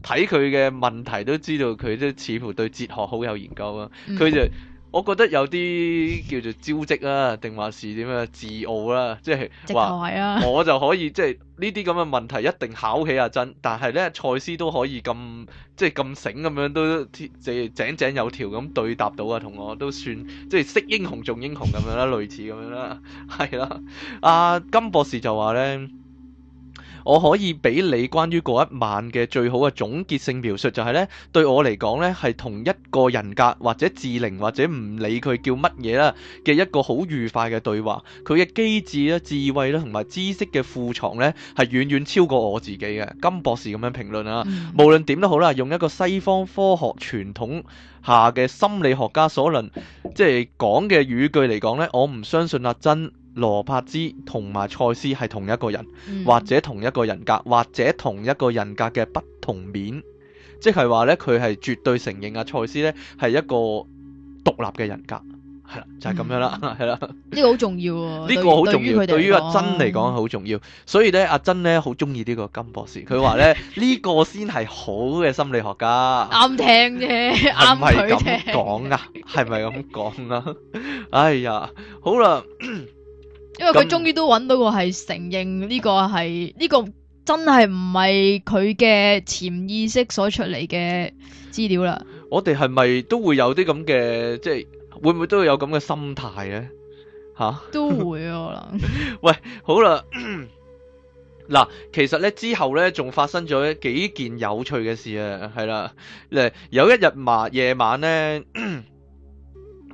睇佢嘅問題都知道佢都似乎對哲學好有研究啊！佢就。我覺得有啲叫做招職啊，定還是點樣自傲啦、啊，即係話我就可以即係呢啲咁嘅問題一定考起阿真，但係咧賽斯都可以咁即係咁醒咁樣都即井井有條咁對答到啊，同我都算即係識英雄重英雄咁樣啦， (laughs) 類似咁樣啦，係啦，阿、啊、金博士就話咧。我可以俾你關於嗰一晚嘅最好嘅總結性描述，就係咧，對我嚟講咧，係同一個人格或者智靈或者唔理佢叫乜嘢啦嘅一個好愉快嘅對話。佢嘅機智啦、智慧啦同埋知識嘅庫藏咧，係遠遠超過我自己嘅。金博士咁樣評論啊。 (laughs) 無論點都好啦，用一個西方科學傳統下嘅心理學家所論即係講嘅語句嚟講咧，我唔相信阿、啊、珍、真羅伯茲同埋賽斯係同一個人，嗯、或者同一個人格，或者同一個人格嘅不同面，即係話呢，佢係絕對承認阿賽斯呢係一個獨立嘅人格，係啦，就係、是、咁樣啦，係啦、嗯，呢的個好重要，呢對 (laughs) 個好重要，對於阿珍嚟講好重要，嗯、所以呢，阿珍呢好中意呢個金博士，佢話 (laughs) 呢，呢、這個先係好嘅心理學家，啱聽啫，啱係咁講啊，係咪咁講啊？ (laughs) 哎呀，好啦。 (coughs) 因為佢終於都揾到個係承認呢個係呢、這個真係唔係佢嘅潛意識所出嚟嘅資料啦。我哋係咪都會有啲咁嘅，即係會唔會都會有咁嘅心態咧？吓、啊，都會啊。 (laughs) 我諗 (laughs) 喂，好啦，嗱，其實咧之後咧，仲發生咗幾件有趣嘅事啊，係啦，誒，有一日晚夜晚咧，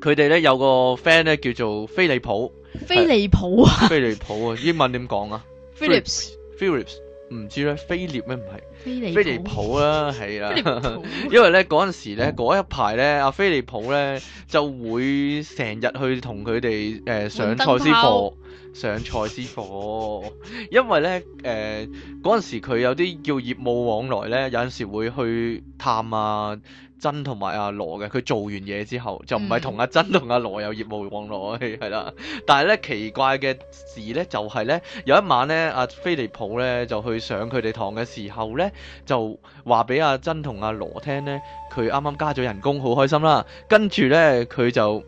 佢哋咧有個 friend 咧叫做菲利普。菲利普啊是！菲利普啊！英文點講啊？Philips，Philips，唔 Phillips, 知咧，菲涅咩唔係？菲利菲利普啦、啊，係啦。因為咧嗰陣時咧嗰一排咧，阿菲利普咧就會成日去同佢哋誒上賽斯課上賽斯課，因為咧誒嗰陣時佢有啲叫業務往來咧，有陣時會去探啊。真同埋阿羅嘅，佢做完嘢之後就唔係同阿真同阿羅有業務往來，係啦。但係咧奇怪嘅事咧就係咧，有一晚咧阿菲利普咧就去上佢哋堂嘅時候咧，就話俾阿真同阿羅聽咧，佢啱啱加咗人工好開心啦。跟住咧佢就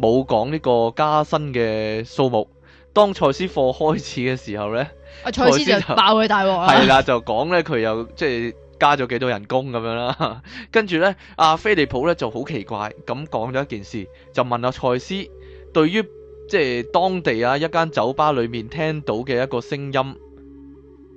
冇講呢個加薪嘅數目。當賽斯課開始嘅時候咧，阿賽斯就爆佢大鑊啊！係啦 (laughs) 就講咧佢又即係。加咗幾多人工咁樣啦，跟 (laughs) 住呢，阿菲利普呢就好奇怪咁講咗一件事，就問阿蔡斯，對於即係當地啊一間酒吧裏面聽到嘅一個聲音，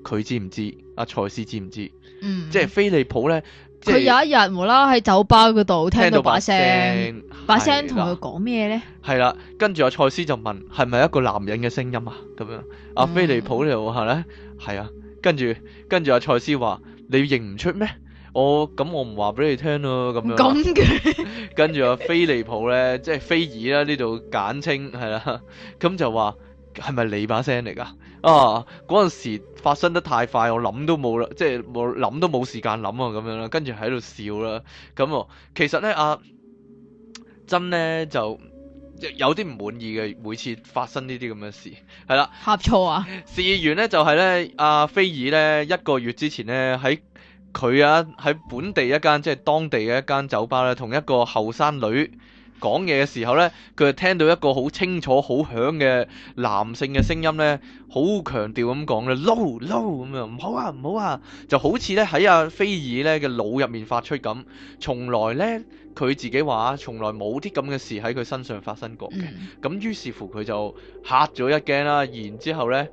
佢知唔知？阿蔡斯知唔知？嗯，即係菲利普呢，佢有一日無啦喺酒吧嗰度聽，聽到把聲，把聲同佢講咩呢？係啦，跟住阿蔡斯就問係咪一個男人嘅聲音啊？咁樣，阿菲利普呢就話呢，係啊、嗯，跟住跟住阿蔡斯話。你認唔出咩？我咁我唔話俾你聽咯，咁樣。咁嘅。跟住阿菲利浦咧，即係菲爾啦，呢度簡稱係啦。咁就話係咪你把聲嚟噶？啊，嗰陣時發生得太快，我諗都冇啦，即係我諗都冇時間諗啊，咁樣啦。跟住喺度笑啦。咁啊，其實咧阿、啊、真咧就。有啲唔滿意嘅，每次發生呢啲咁嘅事，係啦，呷醋啊！事緣咧就係咧，阿菲爾咧一個月之前咧喺佢啊喺本地一間，即係當地嘅一間酒吧咧，同一個後生女。講嘢嘅時候呢，佢就聽到一個好清楚、好響嘅男性嘅聲音呢，好強調咁講咧，no no 咁樣，唔好啊，唔好啊，就好似呢，喺阿菲爾呢嘅腦入面發出咁，從來呢，佢自己話，從來冇啲咁嘅事喺佢身上發生過嘅。咁、嗯、於是乎佢就嚇咗一驚啦，然之後呢，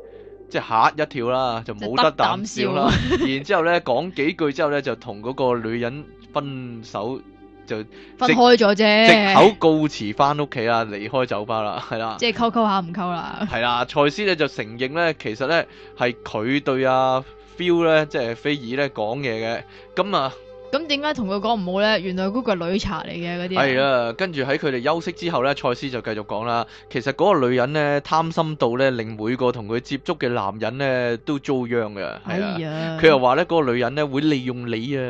即係嚇一跳啦，就冇得膽笑啦。 (laughs) 然之後呢，講幾句之後呢，就同嗰個女人分手。就分開咗啫，藉口告辭返屋企啦，離開酒吧啦，係啦，即係溝溝下唔溝啦，係啦，賽斯咧就承認咧，其實咧係佢對阿、啊、Phil 咧即係菲爾咧講嘢嘅，咁啊。咁點解同佢講唔好咧？原來嗰個女茶嚟嘅嗰啲係啊。跟住喺佢哋休息之後咧，賽斯就繼續講啦。其實嗰個女人咧貪心到咧，令每個同佢接觸嘅男人咧都遭殃嘅。係啊，佢又話咧嗰個女人咧會利用你啊，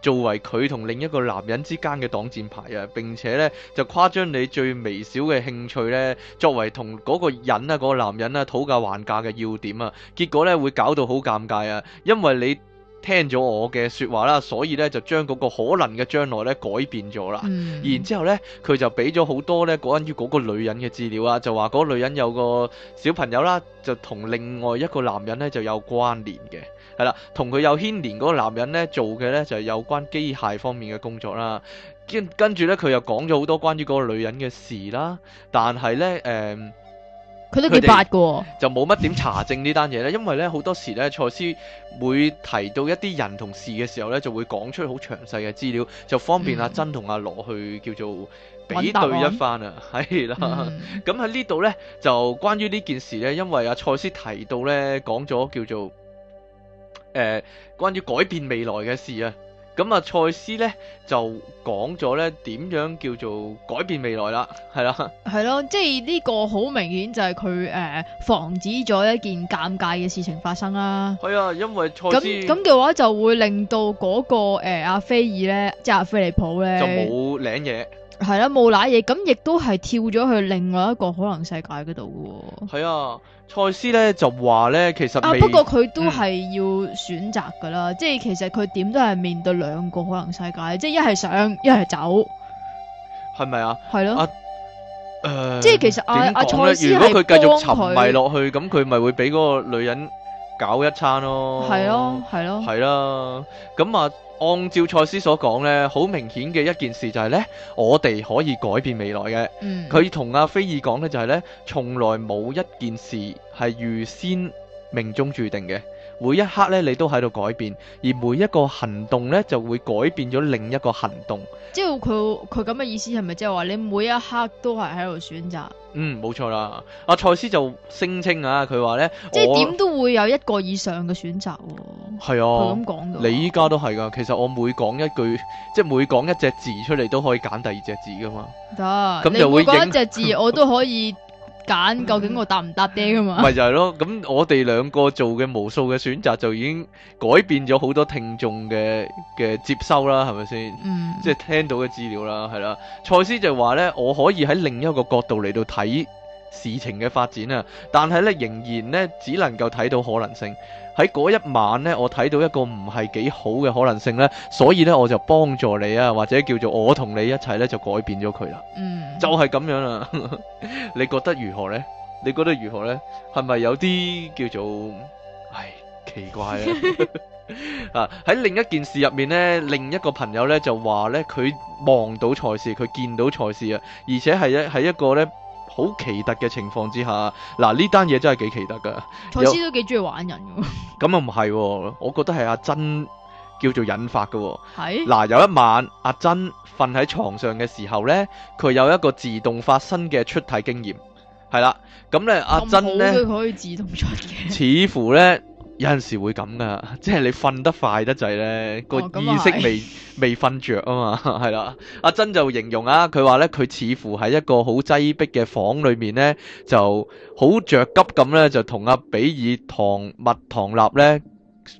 作為佢同另一個男人之間嘅擋箭牌啊，並且咧就誇張你最微小嘅興趣咧，作為同嗰個人啊、嗰個男人啊討價還價嘅要點啊，結果咧會搞到好尷尬啊，因為你。聽咗我嘅說話啦，所以咧就將嗰個可能嘅將來咧改變咗啦。嗯、然之後咧，佢就俾咗好多咧，關於嗰個女人嘅資料啊，就話嗰個女人有個小朋友啦，就同另外一個男人咧就有關聯嘅，係啦，同佢有牽連嗰個男人咧做嘅咧就係有關機械方面嘅工作啦。跟跟住咧，佢又講咗好多關於嗰個女人嘅事啦，但係咧，誒、嗯。佢都幾八嘅，就冇乜點查證呢單嘢咧， (laughs) 因為咧好多時咧，賽斯會提到一啲人同事嘅時候咧，就會講出好詳細嘅資料，就方便阿珍同阿羅去叫做比對一番啊，係啦。咁喺 (laughs) 了、嗯、呢度咧，就關於呢件事咧，因為阿賽斯提到咧，講咗叫做誒、呃、關於改變未來嘅事啊。咁啊，賽斯咧就講咗咧點樣叫做改變未來啦，係啦、啊，係咯、啊，即係呢個好明顯就係佢誒防止咗一件尷尬嘅事情發生啦、啊。係啊，因為賽斯咁咁嘅話就會令到嗰、那個誒、呃、阿菲爾咧，即係阿菲利普咧就冇領嘢。係啦，冇拉嘢，咁亦都係跳咗去另外一個可能世界嗰度喎。係啊，蔡思咧就話咧，其實啊，不過佢都係要選擇噶啦，嗯、即係其實佢點都係面對兩個可能世界，即係一係想，一係走，係咪啊？係咯、啊，誒、啊，呃、即係其實阿、啊、阿蔡思如果佢繼續沉迷落去，咁佢咪會俾嗰個女人搞一餐咯？係咯，係咯，係啦，咁啊。按照賽斯所講咧，好明顯嘅一件事就係咧，我哋可以改變未來嘅。佢同、嗯、阿菲爾講嘅就係咧，從來冇一件事係預先命中注定嘅。每一刻咧，你都喺度改變，而每一個行動咧，就會改變咗另一個行動。即係佢佢咁嘅意思，係咪即係話你每一刻都係喺度選擇？嗯，冇錯啦。阿、啊、賽斯就聲稱啊，佢話咧，即係是點我都會有一個以上嘅選擇。係啊，佢咁講嘅。的你依家都係噶，其實我每講一句，即係每講一隻字出嚟，都可以揀第二隻字噶嘛。得行，咁就會影一隻字，我都可以。揀究竟我答唔答爹噶嘛？咪 (noise) 就係、是、咯，咁我哋兩個做嘅無數嘅選擇就已經改變咗好多聽眾嘅嘅接收啦，係咪先？嗯，即係聽到嘅資料啦，係啦。賽斯就話咧，我可以喺另一個角度嚟到睇事情嘅發展啊，但係咧仍然咧只能夠睇到可能性。喺嗰一晚咧，我睇到一個唔係幾好嘅可能性咧，所以咧我就幫助你啊，或者叫做我同你一齊咧就改變咗佢啦。嗯，就係咁樣啦。你覺得如何咧？你覺得如何咧？係咪有啲叫做唉奇怪啊？啊喺另一件事入面咧，另一個朋友咧就話咧佢望到賽斯，佢見到賽斯啊，而且係一係一個咧。好奇特嘅情況之下，嗱呢單嘢，真係幾奇特噶賽斯都幾中意玩人喎，咁又唔係，我覺得係阿珍叫做引發噶。係嗱是，有一晚阿珍瞓喺床上嘅時候咧，佢有一個自動發生嘅出體經驗，係啦。咁咧阿珍咧，佢可以自動出嘅。似乎咧。有陣時會咁噶，即係你瞓得快得滯咧，個意識未未瞓着啊嘛，係啦。阿珍就形容啊，佢話咧，佢似乎喺一個好擠迫嘅房裏面咧，就好着急咁咧，就同阿比爾唐麥唐立咧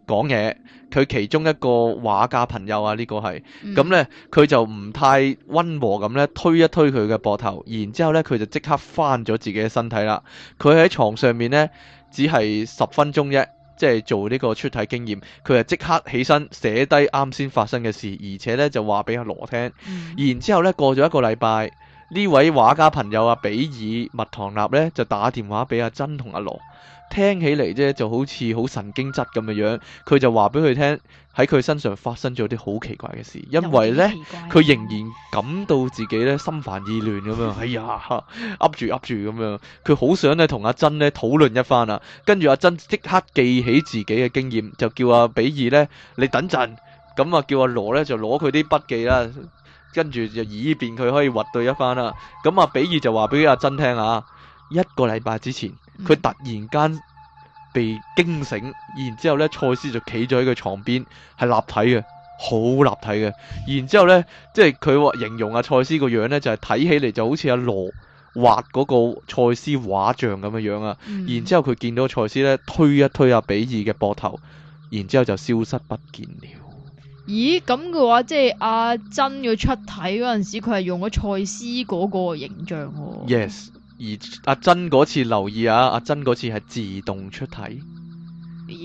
講嘢。佢其中一個畫家朋友啊，呢個係嗯、呢個係咁咧，佢就唔太溫和咁咧，推一推佢嘅膊頭，然之後咧，佢就即刻翻咗自己嘅身體啦。佢喺床上面咧，只係十分鐘啫。即係做呢個出體經驗，佢係即刻起身寫低啱先發生嘅事，而且咧就話俾阿羅聽。嗯、然之後咧過咗一個禮拜，呢位畫家朋友啊比爾麥唐納咧就打電話俾阿珍同阿羅。聽起嚟啫，就好似好神經質咁嘅樣，佢就話俾佢聽，喺佢身上發生咗啲好奇怪嘅事，因為呢，佢仍然感到自己呢心煩意亂咁樣，哎呀，噏住噏住咁樣，佢好想咧同阿珍呢討論一番啦，啊，跟住阿珍即刻記起自己嘅經驗，就叫阿比爾呢：「你等陣」，咁啊叫阿羅呢就攞佢啲筆記啦，跟住就以便佢可以核對一番啦，啊，咁啊比爾就話俾阿珍聽啊，一個禮拜之前。佢、嗯、突然間被驚醒，然之後咧，蔡斯就企咗喺佢床邊，係立體嘅，好立體嘅。然之後咧，即係佢形容阿、啊、蔡斯個樣咧就係、是、睇起嚟就好似阿、啊、羅畫嗰個蔡斯畫像咁樣樣啊。嗯、然之後佢見到蔡斯咧，推一推阿、啊、比爾嘅膊頭，然之後就消失不見了。咦？咁嘅話，即係阿珍要出體嗰陣時候，佢係用咗蔡斯嗰個形象。Yes。而阿珍嗰次留意啊，阿珍嗰次係自動出體，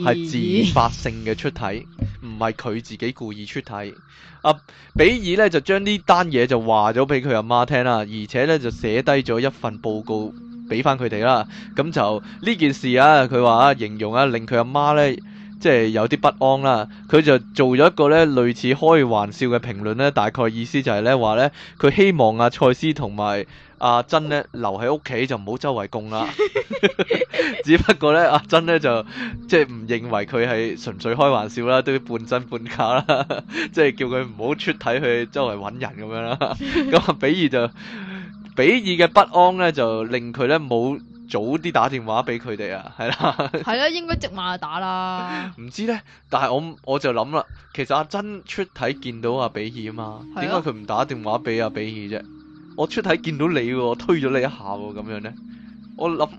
係自發性嘅出體，唔係佢自己故意出體。阿、啊、比爾咧就將呢單嘢就話咗俾佢阿媽聽啦，而且咧就寫低咗一份報告俾翻佢哋啦。咁就呢件事啊，佢話啊形容啊令佢阿媽咧即係有啲不安啦。佢就做咗一個咧類似開玩笑嘅評論咧，大概意思就係咧話咧佢希望阿、啊、賽斯同埋。阿珍咧留喺屋企就唔好周圍供啦， (laughs) 只不過咧阿珍咧就即係唔認為佢係純粹開玩笑啦，都要半真半假啦，即 (laughs) 係叫佢唔好出體去周圍揾人咁樣啦。咁 (laughs) 阿比爾就比爾嘅不安咧就令佢咧冇早啲打電話俾佢哋啊，係啦，係啦， (laughs) 應該即馬就打啦。唔知咧，但係我我就諗啦，其實阿珍出體見到阿比爾啊嘛，點解佢唔打電話俾阿比爾啫？我出體見到你喎，推咗你一下喎，咁樣咧，我諗，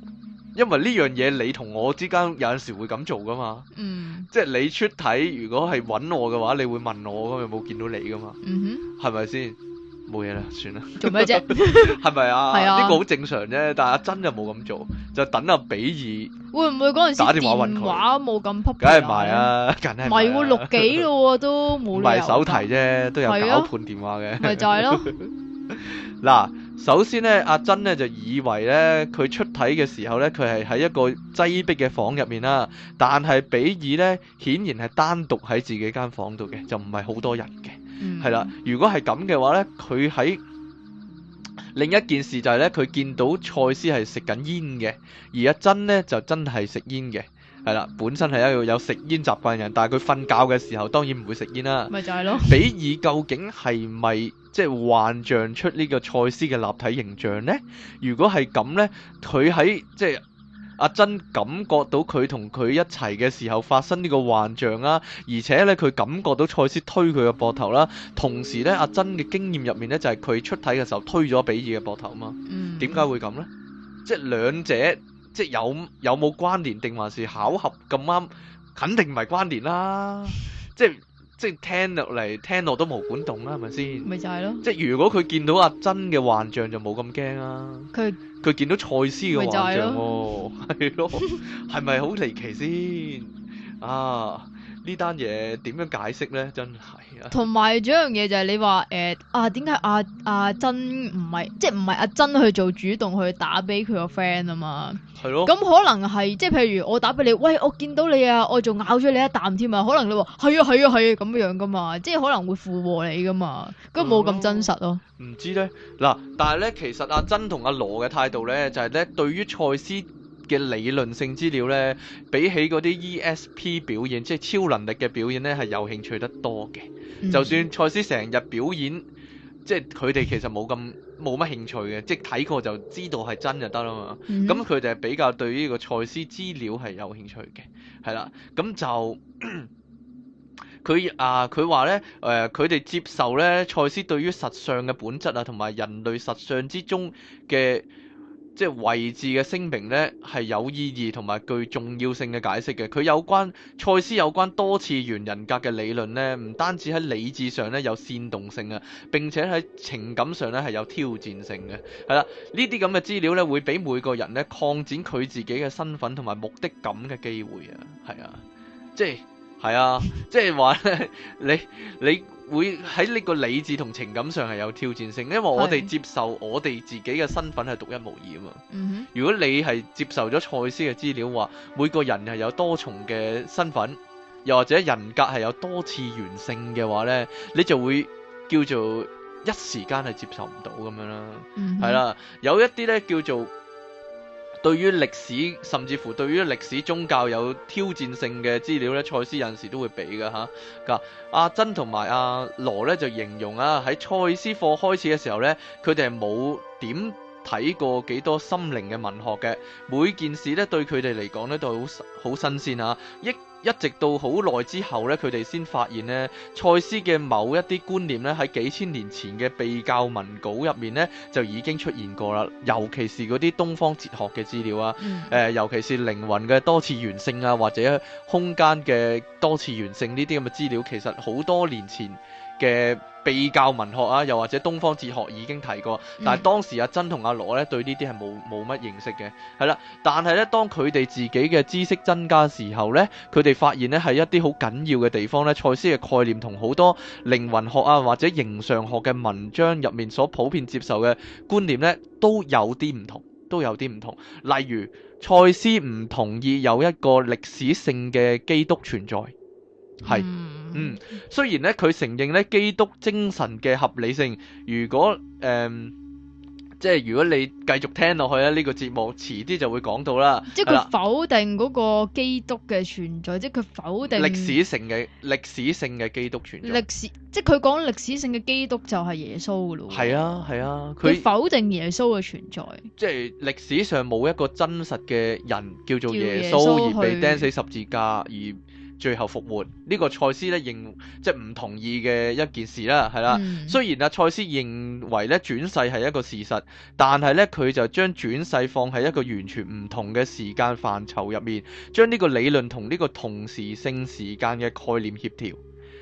因為呢樣嘢你同我之間有陣時會咁做噶嘛，嗯，即係你出體如果係搵我嘅話，你會問我，咁又冇見到你噶嘛，嗯哼，係咪先？冇嘢啦，算啦，做咩啫？係咪 (laughs) 啊？係啊，呢個好正常啫，但係阿珍就冇咁做，就等阿比爾，會唔會嗰陣時電話冇咁普及？梗係唔係啊，梗係唔係，六幾啦，啊，都冇埋手提啫，都有絞盤電話嘅，咪就係咯。 (laughs) 嗱，首先呢，阿珍呢就以為呢，佢出體嘅時候呢，佢係喺一個擠逼嘅房入面啦。但係比爾呢，顯然係單獨喺自己間房度嘅，就唔係好多人嘅。係、嗯、啦，如果係咁嘅話呢，佢喺另一件事就係呢，佢見到賽斯係食緊煙嘅，而阿珍呢，就真係食煙嘅。係啦，本身係一個有食煙習慣嘅人，但係佢瞓覺嘅時候，當然唔會食煙啦。咪就係咯，比爾究竟係咪？即係幻象出呢個賽斯嘅立體形象呢？如果係咁呢，佢喺即係阿珍感覺到佢同佢一齊嘅時候發生呢個幻象啦、啊，而且呢，佢感覺到賽斯推佢嘅膊頭啦。同時呢，阿珍嘅經驗入面呢，就係、是、佢出體嘅時候推咗比爾嘅膊頭啊嘛。點解、嗯、會咁呢？即係兩者即係有有冇關聯定還是巧合咁啱？肯定唔係關聯啦、啊。即係。即係聽落嚟，聽落都冇管動啦，係咪先？咪就係咯。即係如果佢見到阿珍嘅幻，啊、他幻象，就冇咁驚啦。佢佢見到賽斯嘅幻象喎，係咯，係咪好離奇先？啊！呢單嘢點樣解釋咧？真係、啊。同埋仲一樣嘢就係你話誒啊點解阿阿珍唔係即係唔係阿珍去做主動去打俾佢個 friend 啊嘛？係對咯。咁可能係即係譬如我打俾你，喂我見到你啊，我仲咬咗你一啖添啊，可能你話係啊係啊係啊咁樣噶嘛，即係可能會附和你噶嘛，咁冇咁真實、啊嗯、咯。唔知咧嗱，但係咧其實阿珍同阿羅嘅態度咧就係、是、咧對於賽斯。嘅理論性資料咧，比起嗰啲 ESP 表現，即係超能力嘅表演咧，係有興趣得多嘅。就算賽斯成日表演，嗯、即係佢哋其實冇咁冇乜興趣嘅，即係睇過就知道係真就得啦嘛。咁佢哋係比較對於呢個賽斯資料係有興趣嘅，係啦。咁就佢啊，佢話咧，誒、呃，佢哋接受咧賽斯對於實相嘅本質啊，同埋人類實相之中嘅，即係位置嘅聲明咧，係有意義同埋具重要性嘅解釋嘅。佢有關賽斯有關多次元人格嘅理論咧，唔單止喺理智上咧有煽動性啊，並且喺情感上咧係有挑戰性嘅。係啦，這這呢啲咁嘅資料咧，會俾每個人咧擴展佢自己嘅身份同埋目的感嘅機會啊。係啊，即係係啊，的即係話咧，你你。會喺呢個理智同情感上係有挑戰性，因為我哋接受我哋自己嘅身份係獨一無二啊嘛。嗯、哼如果你係接受咗賽斯嘅資料話，每個人係有多重嘅身份，又或者人格係有多次元性嘅話呢，你就會叫做一時間係接受唔到咁樣啦。係啦、嗯哼，有一啲呢叫做。對於歷史甚至乎對於歷史宗教有挑戰性嘅資料咧，賽斯有時都會俾嘅吓，噶阿珍同埋阿羅咧就形容啊，喺賽斯課開始嘅時候咧，佢哋係冇點睇過幾多心靈嘅文學嘅，每件事咧對佢哋嚟講咧都好好新鮮啊！一一直到好耐之後咧，佢哋先發現咧，賽斯嘅某一啲觀念咧，喺幾千年前嘅被教文稿入面咧，就已經出現過啦。尤其是嗰啲東方哲學嘅資料啊，誒、嗯呃，尤其是靈魂嘅多次元性啊，或者空間嘅多次元性呢啲咁嘅資料，其實好多年前嘅比較文學啊，又或者東方哲學已經提過，嗯、但係當時阿珍同阿羅咧對呢啲係冇冇乜認識嘅，係啦。但係咧，當佢哋自己嘅知識增加的時候咧，佢哋發現咧係一啲好緊要嘅地方咧，賽斯嘅概念同好多靈魂學啊或者形上學嘅文章入面所普遍接受嘅觀念咧都有啲唔同，都有啲唔同。例如，賽斯唔同意有一個歷史性嘅基督存在，係、嗯。嗯，雖然咧佢承認咧基督精神嘅合理性，如果誒、嗯，即係如果你繼續聽落去咧，呢個節目遲啲就會講到啦。即係佢否定嗰個基督嘅存在，了即係佢否定歷史性嘅歷史性嘅基督存在。歷史，即係佢講歷史性嘅基督就係耶穌噶咯。係啊，係啊，佢否定耶穌嘅存在，即係歷史上冇一個真實嘅人叫做耶穌而被釘死十字架而，最後復活，這個、呢個賽斯咧認即係唔同意嘅一件事啦，係啦。嗯、雖然阿、啊、賽斯認為咧轉世係一個事實，但係咧佢就將轉世放喺一個完全唔同嘅時間範疇入面，將呢個理論同呢個同時性時間嘅概念協調，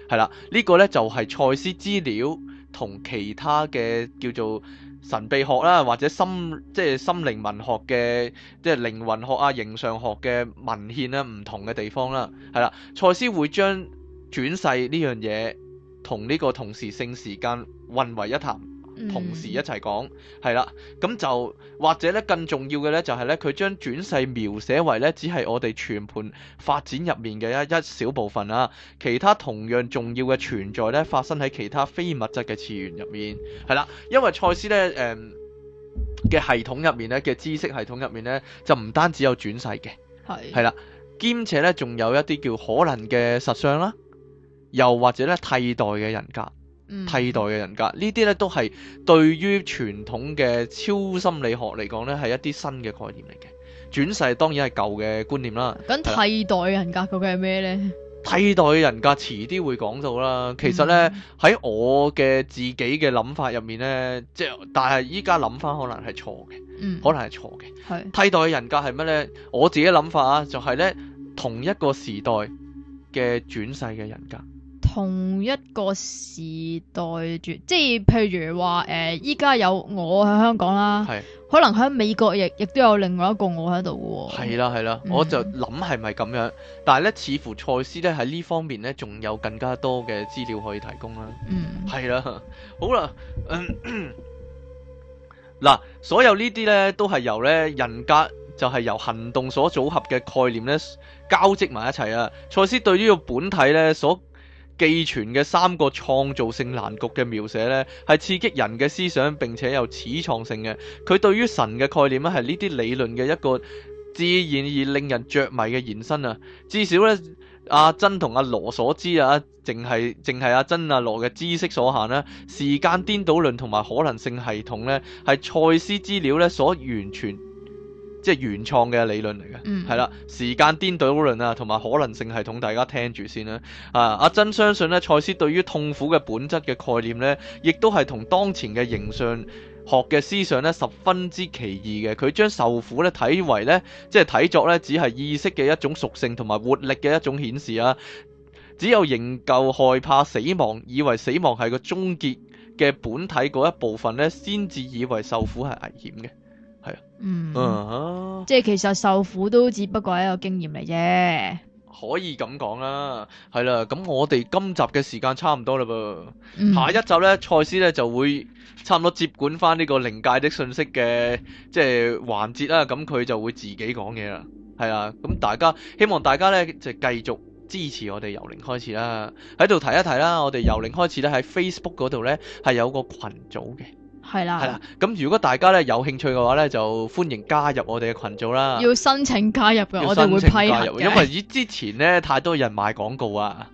係啦。這個、呢個咧就係、是、賽斯資料同其他嘅叫做，神秘學啦，或者心即係心靈文學嘅，即係靈魂學啊、形上學嘅文獻啊，唔同嘅地方啦，係啦，賽斯會將轉世呢樣嘢同呢個同時性時間混為一談。同時一齊講，係啦、嗯，咁就或者咧更重要嘅咧就係咧佢將轉世描寫為咧只係我哋全盤發展入面嘅一一小部分啦，其他同樣重要嘅存在咧發生喺其他非物質嘅次元入面，係啦，因為賽斯咧誒嘅系統入面咧嘅知識系統入面咧就唔單止有轉世嘅，係係啦，兼且咧仲有一啲叫可能嘅實相啦，又或者咧替代嘅人格。替代嘅人格呢啲呢，都係對於傳統嘅超心理學嚟講呢，係一啲新嘅概念嚟嘅。轉世當然係舊嘅觀念啦。咁、嗯、的替代人格究竟係咩呢？替代人格遲啲會講到啦。其實呢，喺、嗯、我嘅自己嘅諗法入面呢，即係但係依家諗翻，可能係錯嘅，可能係錯嘅。替代嘅人格係乜呢？我自己諗法啊，就係呢：同一個時代嘅轉世嘅人格。同一個時代住，即係譬如話誒，依、呃、家有我喺香港啦，是可能喺美國亦亦都有另外一個我喺度嘅。係啦係啦，是嗯、我就諗係咪咁樣？但係咧，似乎賽斯咧喺呢方面咧，仲有更加多嘅資料可以提供啦、嗯。嗯，係啦，好啦，嗱，所有這些呢啲咧都係由咧人格就係、是、由行動所組合嘅概念咧交織埋一齊啊。賽斯對於個本體咧所。寄存嘅三個創造性難局嘅描寫，呢係刺激人嘅思想，並且有始創性嘅。佢對於神嘅概念，呢係呢啲理論嘅一個自然而令人着迷嘅延伸啊。至少呢，阿珍同阿羅所知啊，淨係淨係阿珍阿羅嘅知識所限啦。時間顛倒論同埋可能性系統呢，係賽斯資料呢所完全。即係原創嘅理論嚟嘅，係啦、嗯，時間顛倒論啊，同埋可能性系統，大家聽住先啦、啊。啊，阿珍相信咧，賽斯對於痛苦嘅本質嘅概念咧，亦都係同當前嘅形上學嘅思想咧十分之歧異嘅。佢將受苦咧睇為咧，即係睇作咧只係意識嘅一種屬性同埋活力嘅一種顯示啊。只有仍舊害怕死亡，以為死亡係個終結嘅本體嗰一部分咧，先至以為受苦係危險嘅。嗯，啊、即係其實受苦都只不過係一個經驗嚟啫，可以咁講啦。係啦，咁我哋今集嘅時間差唔多啦噃，下一集呢，賽斯呢就會差唔多接管翻呢個靈界的信息嘅，即係環節啦。咁佢就會自己講嘢啦。係啦，咁大家希望大家呢，就繼續支持我哋由零開始啦，喺度提一提啦。我哋由零開始呢喺 Facebook 嗰度呢，係有個群組嘅。係啦，咁如果大家咧有興趣嘅話咧，就歡迎加入我哋嘅群組啦。要申請加入嘅，我哋會批加入，加入。因為之之前咧太多人賣廣告啊，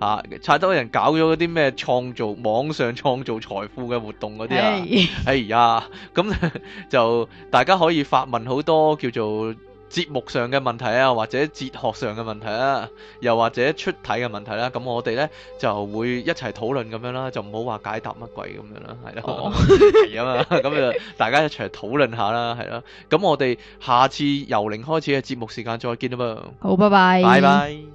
吓 (laughs) 太多人搞咗嗰啲咩創造網上創造財富嘅活動嗰啲 Hey.、hey、啊，哎呀，咁就大家可以發問好多叫做。節目上嘅問題啊，或者哲學上嘅問題啊，又或者出體嘅問題啦，咁我哋咧就會一齊討論咁樣啦，就唔好話解答乜鬼咁樣啦，係咯，係啊嘛，咁啊就大家一齊討論下啦，係咯，咁我哋下次由零開始嘅節目時間再見啊嘛，好，拜拜，拜拜。